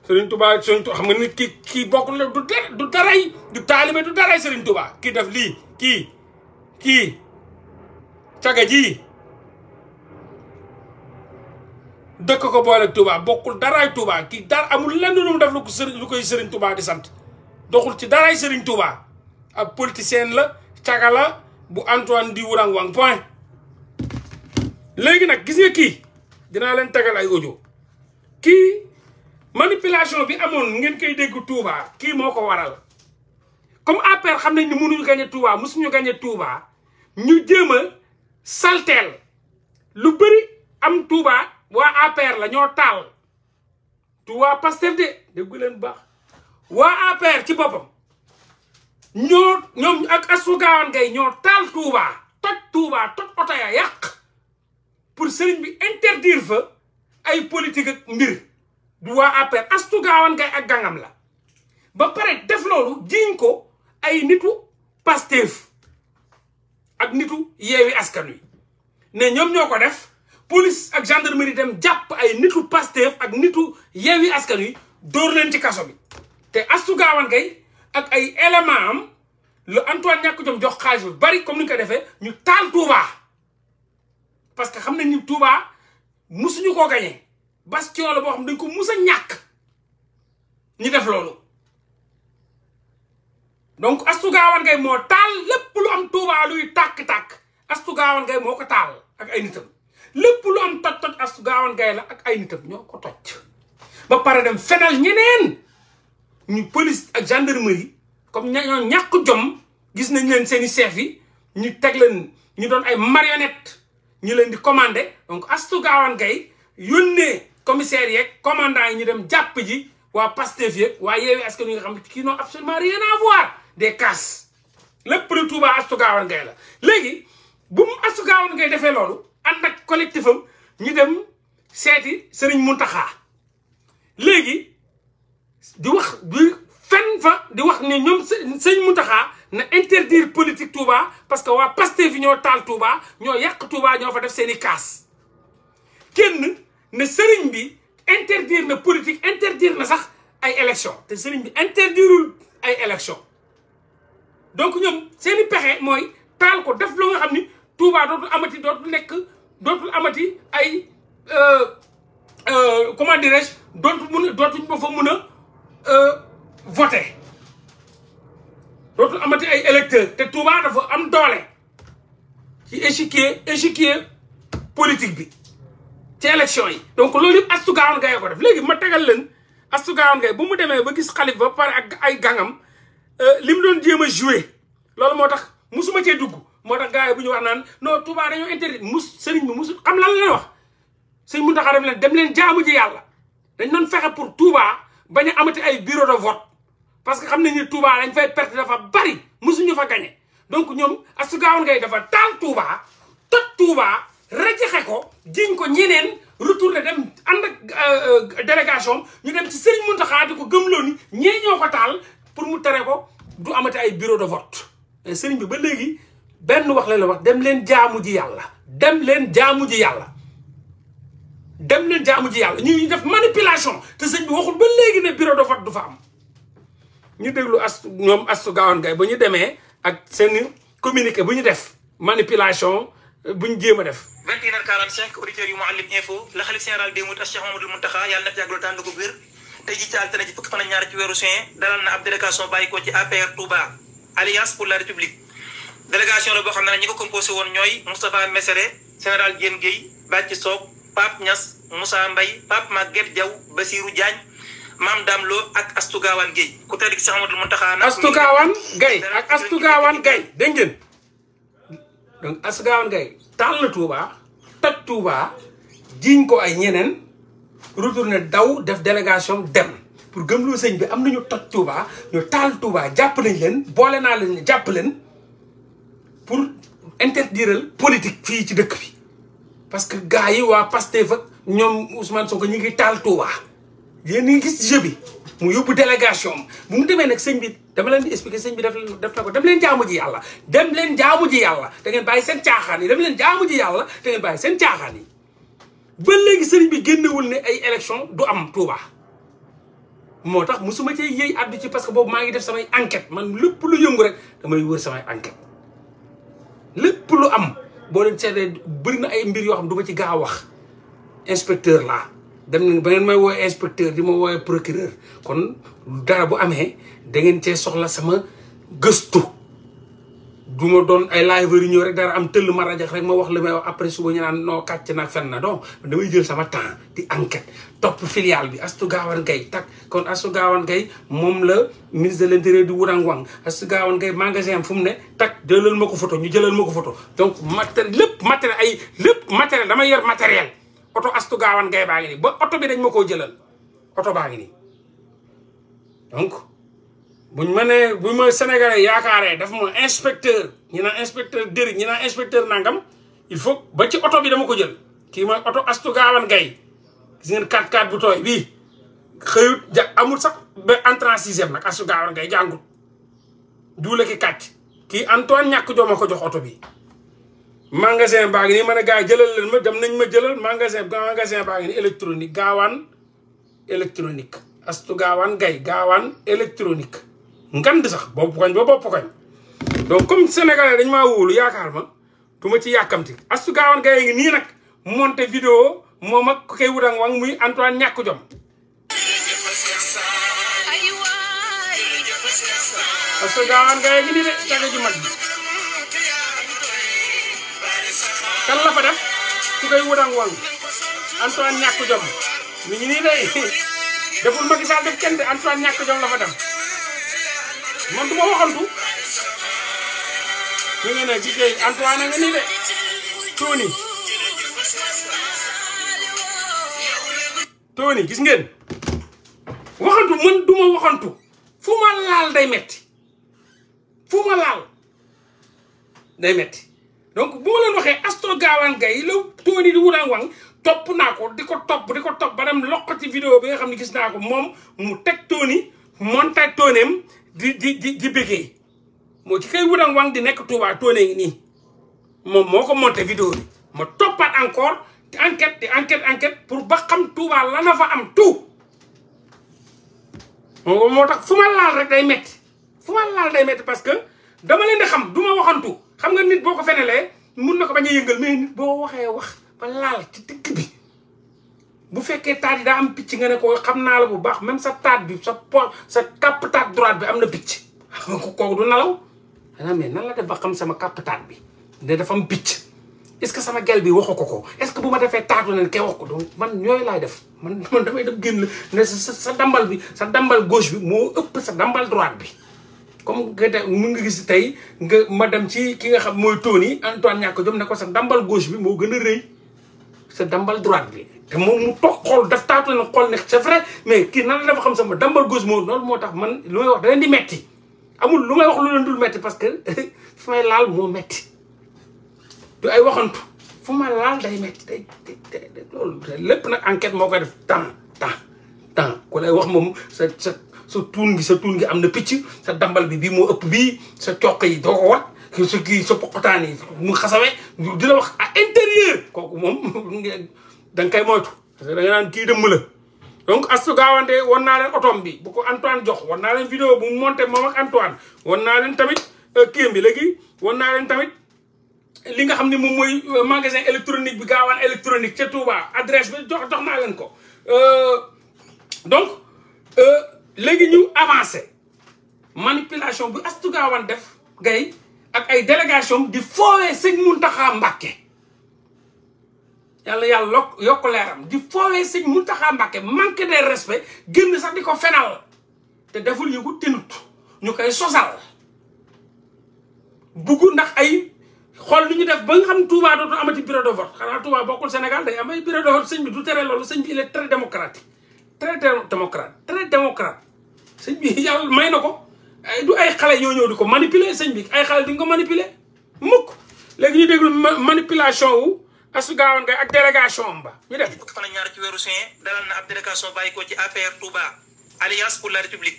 sëriñ Touba Serigne Touba xam nga nit ki kii bokk na du du daray du taalibe du daray Serigne Touba kii def lii kii kii caga ji dëkk ko boole Touba bokkul daraay Touba kii dara amul lenn lu mu def lu koy Serigne Touba di sant doxul ci daraay Serigne Touba ab la cagala bu Antoine di Wurang Wang point léegi nag gis nga kii dinaa leen tegal ay audio kii manipulation bi amoon ngeen koy dégg Touba kii moo ko waral comme APR xam nañ ni mënuñu gagné Touba mosuñu gagné Touba ñu jéem a salteel lu bëri am Touba waa APR la ñoo taal Touba Pastef de déggu leen baax waa APR ci boppam ñoo ñoom ak Astou Gawane ñoo taal Touba toj Touba toj oto ya yàq pour sëriñ bi interdir fa ay politique ak mbir du waa APR astu gaawan kay ak gàngam la ba pare def loolu jiiñ ko ay nitu Pastef ak nitu yeewi askan wi ne ñoom ñoo ko def police ak gendre dem jàpp ay nitu Pastef ak nitu yeewi askan wi dóor leen ci kaso bi te astu gaawan kay ak ay élément am le Antoine ñàkk jom jox xaalis bu bari comme ni ko defee ñu taal Touba parce que xam nañ ni Touba musuñu koo gañee bastion la boo xam ne dañ ko mus a ñàkk ñu def loolu donc Astou Gawane Gaye moo taal lépp lu am Touba luy tàkk-tàkk Astou Gawane Gaye moo ko taal ak ay nitam lépp lu am toj-toj Astou Gawane Gaye la ak ay nitam ñoo ko toj ba pare dem fenal ñeneen ñu police ak gendarmerie comme ñoo ñàkk jom gis nañ leen seeni chef ñu teg leen ñu doon ay marionnette ñu leen di commandé donc Astou Gawane Gaye yónnee commissaire yeeg commandant yi ñu dem jàpp ji waa Pastef yeeg waa Yewwi Askan Wi nga xam ne kii n'ont absolument rien à voir des cas lépp lu Touba Astou Gawane Gaye la. léegi bu mu Astou Gawane defee loolu ànd ak collectif am ñu dem seeti Serigne taxa léegi di wax di fenn fa di wax ne ñoom sëñ Mountakha na interdire politique Touba parce que waa Pastef ñoo taal Touba ñoo yàq Touba ñoo fa def seeni kaas kenn ne sëriñ bi interdire na politique interdire na sax ay élection te sëriñ bi interdirul ay élection donc ñoom seen i pexe mooy taal ko def lu nga xam ni Touba dootul amati dootul nekk dootul amati ay euh, euh, comment dirais-je dootul mun dootuñ ba fa mun a euh, voter dootul amati ay électeurs te Touba dafa am doole ci échiquier échiquier politique bi ci élection yi. donc loolu yëpp Astou Gawane Gaye ko def léegi ma tegal leen Astou Gawane Gaye ba mu demee ba gis Khalifa ba pare ak ay gangam euh, li mu doon jéem a joué loolu moo tax musuma cee dugg moo tax gars bu ñu wax naan non Touba dañoo interdit mus sëriñ bi musul xam lan la wax sëriñ Mountakha def leen dem leen jaamu ji yàlla dañ doon fexe pour Touba bañ a amati ay bureau de vote. parce que xam nañ ne Touba lañ fay perte dafa bari mosuñu fa gañe donc ñoom Astou Gawane Gaye dafa taal Touba toj Touba rajaxe ko jiñ ko ñeneen retourné dem ànd ak euh, euh, délégation ñu dem ci Serigne Mountakha di ko gëmloo ni ñee ñoo ko taal pour mu tere ko du amati ay bureau de vote mais bi ba léegi benn wax la la wax dem leen jaamu ji yàlla dem leen jaamu ji yàlla dem leen jaamu ji yàlla ñu ngi def manipulation te sëñ bi waxul ba léegi ne bureau de vote am ñu déglu astu ñoom astu gaawan ba ñu demee ak seen communiqué bu ñu def manipulation bu ñu jéem a def. 21h45 auditeurs yu Mouhalim info la xalif général des Mourides Cheikh Mamadou yàlla na fi yàggal tànn ko biir tey jii ci altine ji fukki fan ak ci weeru juin dalal na ab délégation bàyyi ko ci APR Touba alliance pour la république. délégation la boo xam ne ñi ko composé woon ñooy Moustapha Messere général Diène Guèye Bàcci Soog Pape Niass Moussa Mbaye Pape Maguette Diaw Basirou Diagne. maam Dame Lo ak Astou Gawane Guèye ku tedd ki si ak Astou Gawane Guèye dégg ngeen donc Astou Gawane taal na Touba toj Touba jiñ ko ay ñeneen retourné daw def délégation dem pour gëm gëmloo sëñ bi am ñu toj Touba ñu taal Touba jàpp nañ leen boole naa leen jàpp leen pour interdiral politique fii ci dëkk bi parce que gars yi waa Pastef ak ñoom Ousmane Sonko ñu ngi taal Touba. yéen ñi gis jeu bi mu yóbbu délégation am bu mu demee nag sëñ bi dama leen di expliquer sëñ bi def def na ko dem leen jaamu ji yàlla dem leen jaamu ji yàlla da ngeen bàyyi seen caaxaan yi dem leen jaamu ji yàlla da ngeen bàyyi seen caaxaan ba léegi sëriñ bi génnewul ne ay élection du am Touba moo tax mu musuma cee yëy addu ci parce que boobu maa ngi def samay enquête man lépp lu yëngu rek damay wër samay enquête lépp lu am boo leen seetee bëri na ay mbir yoo xam du ma ci gaaw wax inspecteur laa dem nañ ba ngeen may woowee inspecteur di ma woowee procureur kon dara bu amee da ngeen cee soxla sama gëstu du ma doon ay live yu ñëw rek dara am tëll ma rajax rek ma wax la may wax après suba ñu naan noo kàcc na fen na donc damay jël sama temps di enquête topp filiale bi Astou Gawane Gaye tak kon Astou Gawane Gaye moom la ministre de l'intérieur di wurang wang Astou Gawane Gaye magasin fu mu ne tak jëlal ma ko foto ñu jëlal ma ko foto donc matériel lépp matériel ay lépp matériel damay yor matériel oto astu gaawaan gay baa ngi nii ba oto bi dañ ma koo jëlal oto baa ngi nii donc buñ ma nee bu ma sénégalais yaakaaree daf ma inspecteur ñi naan inspecteur déri ñi naan inspecteur nangam il faut ba ci oto bi dama ko jël kii ma oto astu gaawaan gay gis ngeen 4x4 bu tooy bii xëyut ja amul sax ba entrée en sixième nag astu gaawaan gay jàngut duule ki kàcc kii Antoine ñàkk joo ma ko jox oto bi magasin baa ngi nii ma ne jëlal leen ma dem nañ ma jëlal magasin magasin baa ngi nii électronique gaawaan électronique astu gaawaan gay gaawaan électronique ngand sax bopp koñ bopp koñ donc comme sénégalais dañ maa wóolu yaakaar ma du ci yàkkamti astu gaawaan gay ngi nii nag monté vidéo moom ak ku koy wutang wang muy Antoine ñàkk jom astu gaawaan gay ngi nii de caga ju mag bi kan la fa def ku koy wudang wang Antoine ñàkk jom mi ngi nii de deful Macky Sall def kenn de Antoine ñàkk jom la fa def man du waxantu mi ngi ne gisee waxantu man duma waxantu fu ma laal day metti fu ma laal day metti donc bu ma leen waxee Astou Gawane Gaye la Tony di wuraan wang topp naa ko di ko topp di ko topp ba dem lokk ci vidéo bi nga xam ne gis naa ko moom mu teg Tony montage Toneem di di di di moo ci kay wuraan wang di nekk Touba Tony ngi nii moom moo ko monté vidéo bi ma toppaat encore di enquête di enquête enquête pour ba xam Touba la na fa am tout moo tax fu ma laal rek day metti fu ma laal day metti parce que dama leen di xam du ma waxantu xam nga nit boo ko fenelee mun na ko bañ a yëngal mais nit boo waxee wax ba laal ci dëkk bi bu fekkee taat yi daa am picc nga ne ko xam naa la bu baax même sa taat bi sa po sa kàpp taat droite bi am na picc xam [LAUGHS] nga du nalaw xanaa nan la def ba xam sama kàpp bi ne dafa picc est-ce que sama gel bi waxu ko ko est-ce que bu ma defee taatu leen kay wax ko donc man ñooy laay def man [LAUGHS] man damay def génn ne sa sa dambal bi sa dambal gauche bi moo ëpp sa dambal droite bi comme que tey mën nga gis tey nga ma dem ci ki nga xam mooy Tony Antoine ñàkk jom ne ko sa dambal gauche bi moo gën a rëy sa dambal droite bi. te moom mu toog xool daf taatu na xool ne c'est vrai mais kii na la dafa xam sama dambal gauche moo loolu moo tax man lu may wax da leen di metti amul lu may wax lu leen dul metti parce que [LAUGHS] fu may laal moo metti te ay waxantu fu ma laal day metti day day loolu lépp nag enquete moo koy def temps temps temps ku lay wax moom sa sa tuun bi sa tuun gi am na picc sa dambal bi bii moo ëpp bii sa coq yi doo ko wat sa kii sa poqotaan yi mu xasawe di la wax a intérieur kooku moom [LAUGHS] da nga koy moytu parce que da naan kii dëmm la donc astu gaawante wan naa leen otom bi bu ko Antoine jox wan naa leen vidéo bu mu monté moom ak Antoine wan naa leen tamit euh, kii bi léegi wan naa leen tamit li nga xam ne moom mooy euh, magasin électronique bi gaawaan électronique ca Touba adresse bi jox jox naa leen ko euh, donc léegi ñu avancé manipulation bu Astu Gaawan def gay ak ay délégation di foowee sëñ Muntaxa Mbàkke yàlla yàlla lokk yokk leeram di foowee sëñ Muntaxa Mbàkke manque de respect génn sax di ko fenal te deful ñu ko tinut ñu koy sosal bugg ndax ay xool lu ñu def ba nga xam Touba dootul amati bureau de vote xanaa Touba bokkul Sénégal day am bureau de vote sëñ bi du tere loolu sëñ bi il est très démocratique très démocrate très démocrate sëñ bi yàlla may na ko du ay xale ñoo ñëw ko manipuler sëñ bi ay xale di nga ko manipuler mukk léegi ñu déglu manipulation wu Astou Gawane Ngaye ak délégation am ba ñu def fukk fan ak ñaar ci weeru juin dalal na ab délégation bàyyi ko ci APR Touba alliance pour la république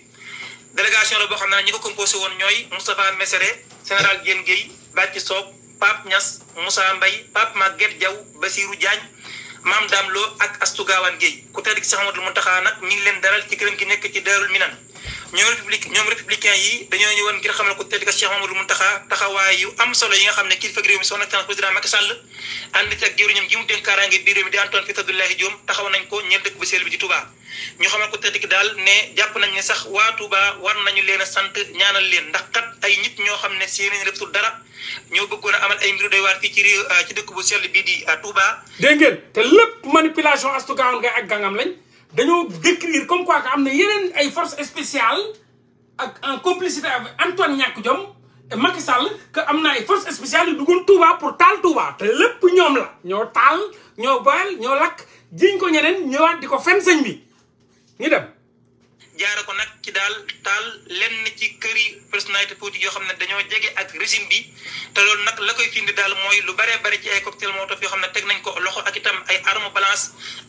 délégation la boo xam naa ñi ko composé woon ñooy Moustapha Messere général Diène Guèye Bàcci Soog Pape Niass Moussa Mbaye Pape Maguette Diaw Basirou Diagne Mame Dame loo ak Astou Gawane Ngaye ku tedd ki Cheikh Amadou Mountakha nag mi ngi leen dalal ci këram gi nekk ci Darul Minan ñoom république ñoom républicain yi dañoo ñëwoon ngir xamal ko tedd ka Cheikh Mamadou Mountakha taxawaay yu am solo yi nga xam ne kilifa réew mi son excellence président Macky Sall ànd ak jëwriñam ji nañ ko ñeent dëkk bu sell bi ne nañ ne sax waa Touba war nañu leen a sant ñaanal leen ndax kat ay nit ñoo xam ne seen i rëbtul dara ñoo bëggoon a amal ay mbiru doy waar fii ci réew ci dëkk bu sell bii di Touba. dégg ngeen te lépp manipulation astukaan ngay ak gàngam lañ dañoo décrire comme quoi que am na yeneen ay forces spéciale ak en complicité avec Antoine ñàkk jom et Macky Sall que am na ay forces spéciales yu duggoon Touba pour taal Touba te lépp ñoom la ñoo taal ñoo boyal ñoo lakk jiñ ko ñeneen ñëwaat di ko fen sëñ bi ñu dem jaara ko nag ci daal taal lenn ci kër yi personnalité politique yoo xam ne dañoo jege ak régime bi te loolu nag la koy findi daal mooy lu baree bari ci ay cocktail molotov yoo xam ne teg nañ ko loxo ak itam ay arme balance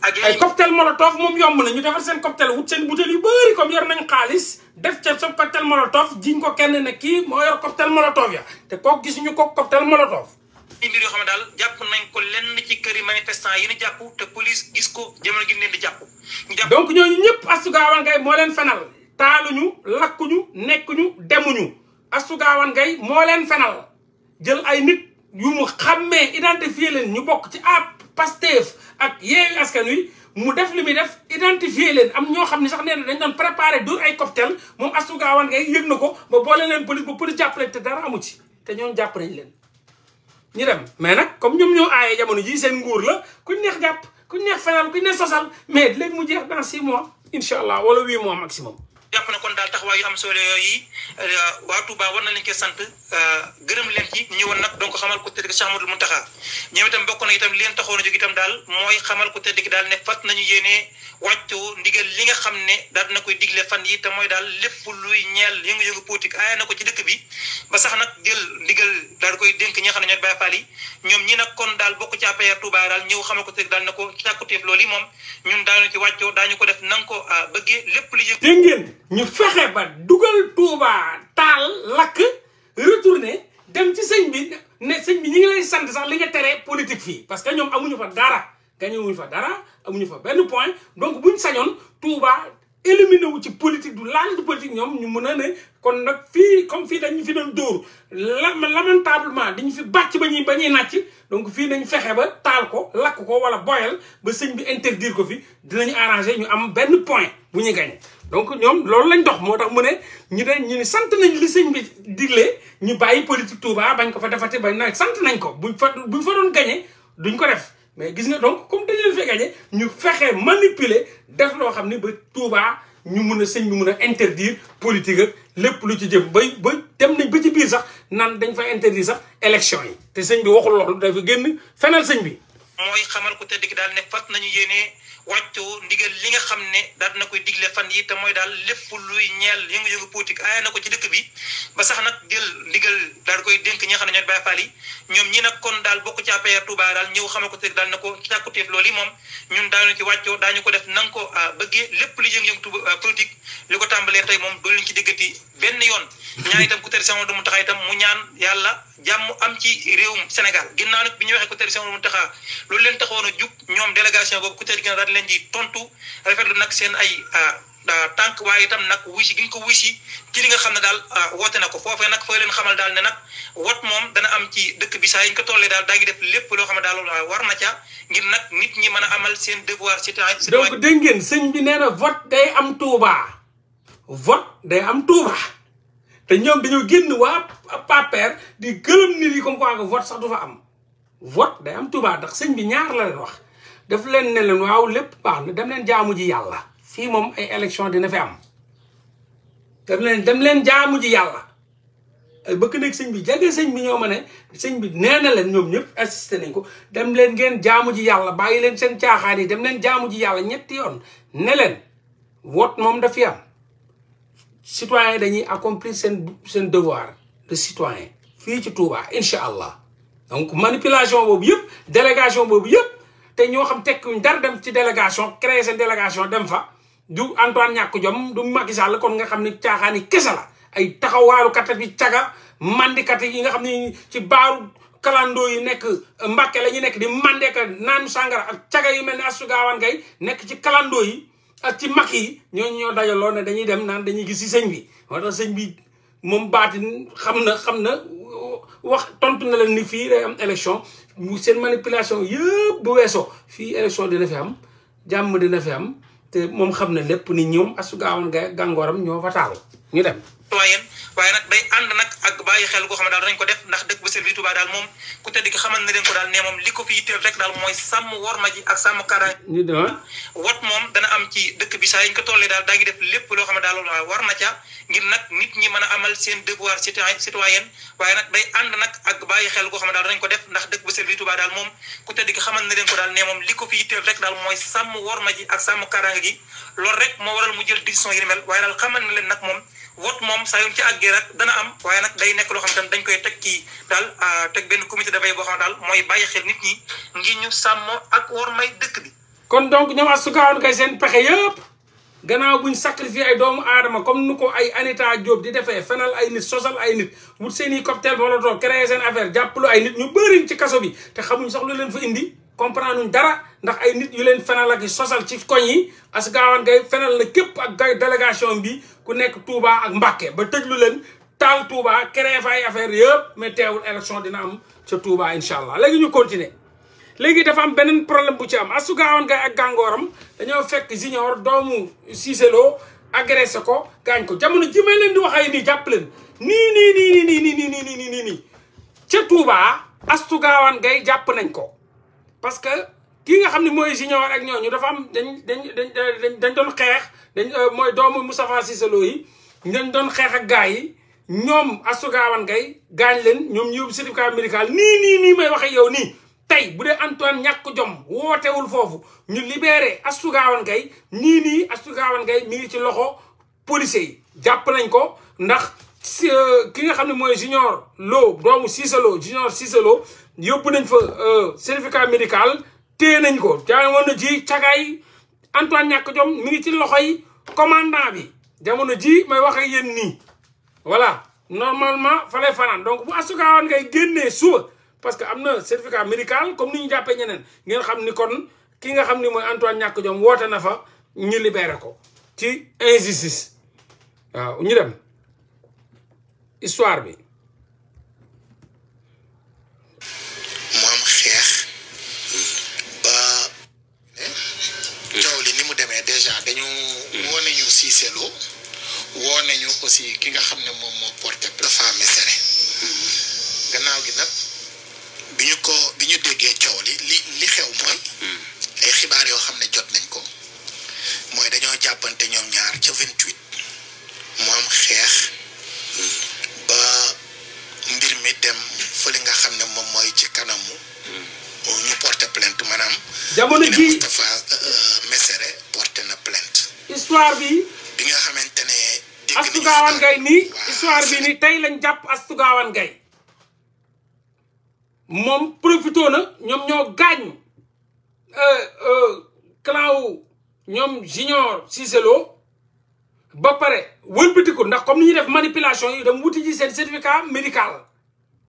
ak ay cocktail molotov moom yomb na ñu defar seen cocktail wut seen butéel yu bëri comme yor nañ xaalis def ca sa cocktail molotov jiñ ko kenn ne kii moo yor cocktail molotov ya te kooku gisuñu ko cocktail molotov indi mbir yoo xam ne daal jàpp nañ ko lenn ci këri manifestant yi ñu jàpp te police gis ko jamono gi leen di jàpp. donc ñooñu ñëpp Astou Gawane Gaye moo leen fenal taaluñu lakkuñu nekkuñu demuñu Astou Gawane moo leen fenal jël ay nit yu mu xàmmee identifier leen ñu bokk ci ab Pastef ak Yewwi Askan Wi mu def li muy def identifier leen am ñoo xam ne sax nee na dañ doon préparer dur ay cocktail moom Astou Gawane Gaye yëg na ko ba boole leen police ba police jàppale te dara amu ci te ñoom jàpp nañ leen. ñu dem mais nag comme ñoom ñoo aaye jamono jii seen nguur la kuñ neex jàpp kuñ neex fenal kuñ neex sosal mais léegi mu jeex dans six mois incha allah wala huit mois maximum jàpp na kon daal taxawaay yu am solo yooyu euh, waa Touba war na leen koy sant euh, gërëm leen ci ñu ñëwoon nag donc xamal ko tëdd Cheikh Amadou Mountakha ñoom itam bokk na itam leen taxoon a jóg daal mooy xamal ko tëdd daal ne fat nañu yéenee wàccu ndigal li nga xam ne daal dina koy digle fan yi te mooy daal lépp luy ñeel yëngu-yëngu politique na ko ci dëkk bi ba sax nag jël ndigal daal koy dénk nga xam ne ñooy Baye Fall ñoom ñi nag kon daal bokk ci APR Touba daal ñëw xamal ko tëdd daal na ko càkkuteef loolu yi moom ñun daañu ci wàccoo daañu ko def nanga ko euh, bëggee lépp lu dégg ngeen ñu fexe ba dugal Touba taal lakk retourné dem ci sëñ bi ne sëñ bi ñu ngi lay sant sax li nga tere politique fii parce que ñoom amuñu fa dara gañe fa dara amuñu fa benn point donc buñ sañoon Touba éliminé wu ci politique du laal du politique ñoom ñu mën a ne kon nag fii comme fii dañu fi doon dóor la lamentablement dañu fi bàcc ba ñuy ba ñuy nàcc donc fii nañ fexe ba taal ko lakk ko wala boyal ba sëñ bi interdire ko fi dinañ arrangé ñu am benn point bu ñu gañ donc ñoom loolu lañ dox moo tax mu ne ñu ne ñu ne sant nañ li sëñ bi digle ñu bàyyi politique Touba bañ ko fa defati bañ na sant nañ ko buñ fa buñ fa doon gañe duñ ko def mais gis nga donc comme dañu leen fee gañe ñu fexe manipuler def loo xam ne ba Touba ñu mun a sëñ bi mun a interdire politique ak lépp lu ci jëm bay ba dem nañ ba ci biir sax naan dañ fa interdire sax élection yi te sëñ bi waxul loolu dafa génn fenal sëñ bi. mooy xamal ko tëdd ki daal ne fat nañu yéene wàccu ndigal xam ne daal dina koy digle fan yi te mooy daal lépp luy ñeel yëngu-yëngu politique aaya na ko ci dëkk bi ba sax nag jël ndigal daal koy dénk ñoom ñi kon daal bokk ci APR Touba daal ñëw ko te daal na ko càkkuteef ko def nanga ko ah, bëggee lépp luy ah, ko tàmbalee tey moom doo leen ci benn yoon ñaan itam ku teri sama mu taxaa itam mu ñaan am ci réewum Sénégal ginnaaw nag bi ñu waxee ku teri sama du mu taxaa loolu leen taxawoon a jug ñoom délégation boobu ku rafetlu nag seen ay euh, euh, tànk waaye tam nag wuy si gi ñu ko wuy si li nga xam ne daal euh, woote na ko foofee nag fooy leen xamal daal ne nag wat moom dana am ci dëkk bi saa yi ñu ko tollee daal daa def lépp loo xam ne daal war na ca ngir nag nit ñi mën a amal seen devoir citoyen donc dégg ngeen sëñ bi nee na vote day am Touba vote day am Touba te ñoom dañoo génn waa paper di gërëm nit yi comme quoi que vote sax du fa am vote day am Touba ndax sëñ bi ñaar la wax daf leen ne leen waaw lépp baax na dem leen jaamu ji yàlla fii moom ay élection dina fi am dem leen dem leen jaamu ji yàlla bëgg nekk sëñ bi jege sëñ bi ñoo ma ne sëñ bi nee na leen ñoom ñëpp assisté nañ ko dem leen ngeen jaamu ji yàlla bàyyi leen seen caaxaan yi dem leen jaamu ji yàlla ñetti yoon ne leen moom daf fi am citoyen dañuy accomplir seen seen devoir de citoyen fii ci Touba incha allah donc manipulation boobu yëpp délégation boobu yëpp te ñoo xam tekkuñ dara dem ci délégation créer seen délégation dem fa du Antoine ñàkk jom du Macky Sall kon nga xam ne caaxaani kese la ay taxawaaru kat bi caga mandikat yi nga xam ni ci baaru kalandoo yi nekk euh, Mbàkke la ñu nekk di mandeka naan sàngara ak caga yu mel ne asugaawaan kay nekk ci kalandoo yi ak ci mag yi ñooñu ñoo dajaloo ne dañuy dem naan dañuy gis si sëñ bi moo sëñ bi moom baatin xam na xam na wax tontu na leen ni fii day am élection mu seen manipulation yëpp bu weesoo fii élection dina fi am jàmm dina fi am te moom xam na lépp ni ñoom ngay gàngoor am ñoo fa taal ñu dem citoyen waaye nag day ànd nag ak bàyyi xel goo xam ne daal danañ ko def ndax dëkk bu Serigne Touba daal moom na leen ko li ko fi yitteel rek daal mooy sàmm worma ji ak sàmm kaaraange. ñu ah. moom dana am ci dëkk bi saa ko tollee daal daa ngi def lépp loo xam ne daal war na ca ngir nag nit ñi mën a amal waaye nag ànd nag ak bàyyi xel goo xam ne daal danañ ko def ndax dëkk bu Serigne Touba daal moom ku tedd ki xamal na leen ko daal ne moom li ko fi yitteel rek daal mooy sàmm worma ji ak sàmm kaaraange gi loolu rek moo waral mu jël décision yi mel waaye daal xamal na leen nag moom wut moom saa yu ci àggee rek dana am waaye nag day nekk loo xam ne dañ koy teg kii daal ah, teg benn comité dafay boo xam daal mooy bàyyi xel nit ñi ngir ñu sàmmoo ak war may dëkk bi. kon donc ñoom asukaan kay seen pexe yëpp gannaaw buñ sacrifié ay doomu aadama comme nu ko ay Anita Diop di defee fenal ay nit sosal ay nit wut seen i cocktail molotov créé seen affaire jàppalu ay nit ñu bëriñ ci kaso bi te xamuñ sax leen fu indi. comprendre nuñ dara ndax ay nit yu leen fenal ak sosal ci koñ yi as gaawaan gay fenal na képp ak gay délégation bi ku nekk Touba ak Mbacké ba tëj lu leen taal Touba créé fa affaire yëpp mais teewul élection dina am ca Touba incha allah léegi ñu continuer léegi dafa am beneen problème bu ci am asu gaawoon gay ak gàngooram dañoo fekk junior doomu Cicelo agressé ko gaañ ko jamono ji leen di wax ay nii jàpp leen nii nii nii nii nii nii nii nii nii nii nii ca Touba astu gaawaan jàpp nañ ko parce que kii nga xam ne mooy junior ak ñooñu dafa am dañ dañ dañ dañ doon xeex dañ euh, mooy doomu Moustapha Cissé Lo yi dañ doon xeex ak gars yi ñoom Astou Gawane Gaye gaañ leen ñoom ñu yóbbu certificat médical nii nii nii may waxe yow nii tey bu dee Antoine ñàkk jom wootewul foofu ñu libéré Astou Gawane Gaye nii nii Astou Gawane Gaye mi ngi ci loxo policiers yi jàpp nañ ko ndax euh, ki nga xam ne mooy junior loo doomu Cissé Lo junior Cissé yóbbu nañ fa euh, certificat médical téye nañ ko jamono ji cagaay Antoine ñàkk jom mi ngi ci loxoy commandant bi jamono ji may wax ak yéen nii voilà normalement fa lay fanaan donc bu asukaawaan ngay génnee suba parce que am na certificat médical comme ni ñu jàppee ñeneen ngeen xam ni kon ki nga xam ni mooy Antoine ñàkk jom woote na fa ñu libéré ko ci injustice waaw ñu dem histoire bi nañu Cissé Lo woo nañu aussi ki nga xam ne moom moo porté plafa mesere gannaaw gi nag bi ñu ko bi ñu déggee coow li li li xew ay xibaar yoo xam ne jot nañ ko mooy dañoo jàppante ñoom ñaar ca vingt mu am xeex ba mbir mi dem fële nga xam ne moom mooy ci kanamu ñu porté plainte maanaam euh, na plainte histoire bi. bi nga xamante ne. dégg Astou Gawane histoire bi nii tey lañ jàpp Astou Gawane Gaye moom profité na ñoom ñoo gaañ euh, euh, clan ñoom junior Cissé Lo ba pare wëlbatiku ndax comme ni ñuy def manipulation yi dem wuti ji seen certificat médical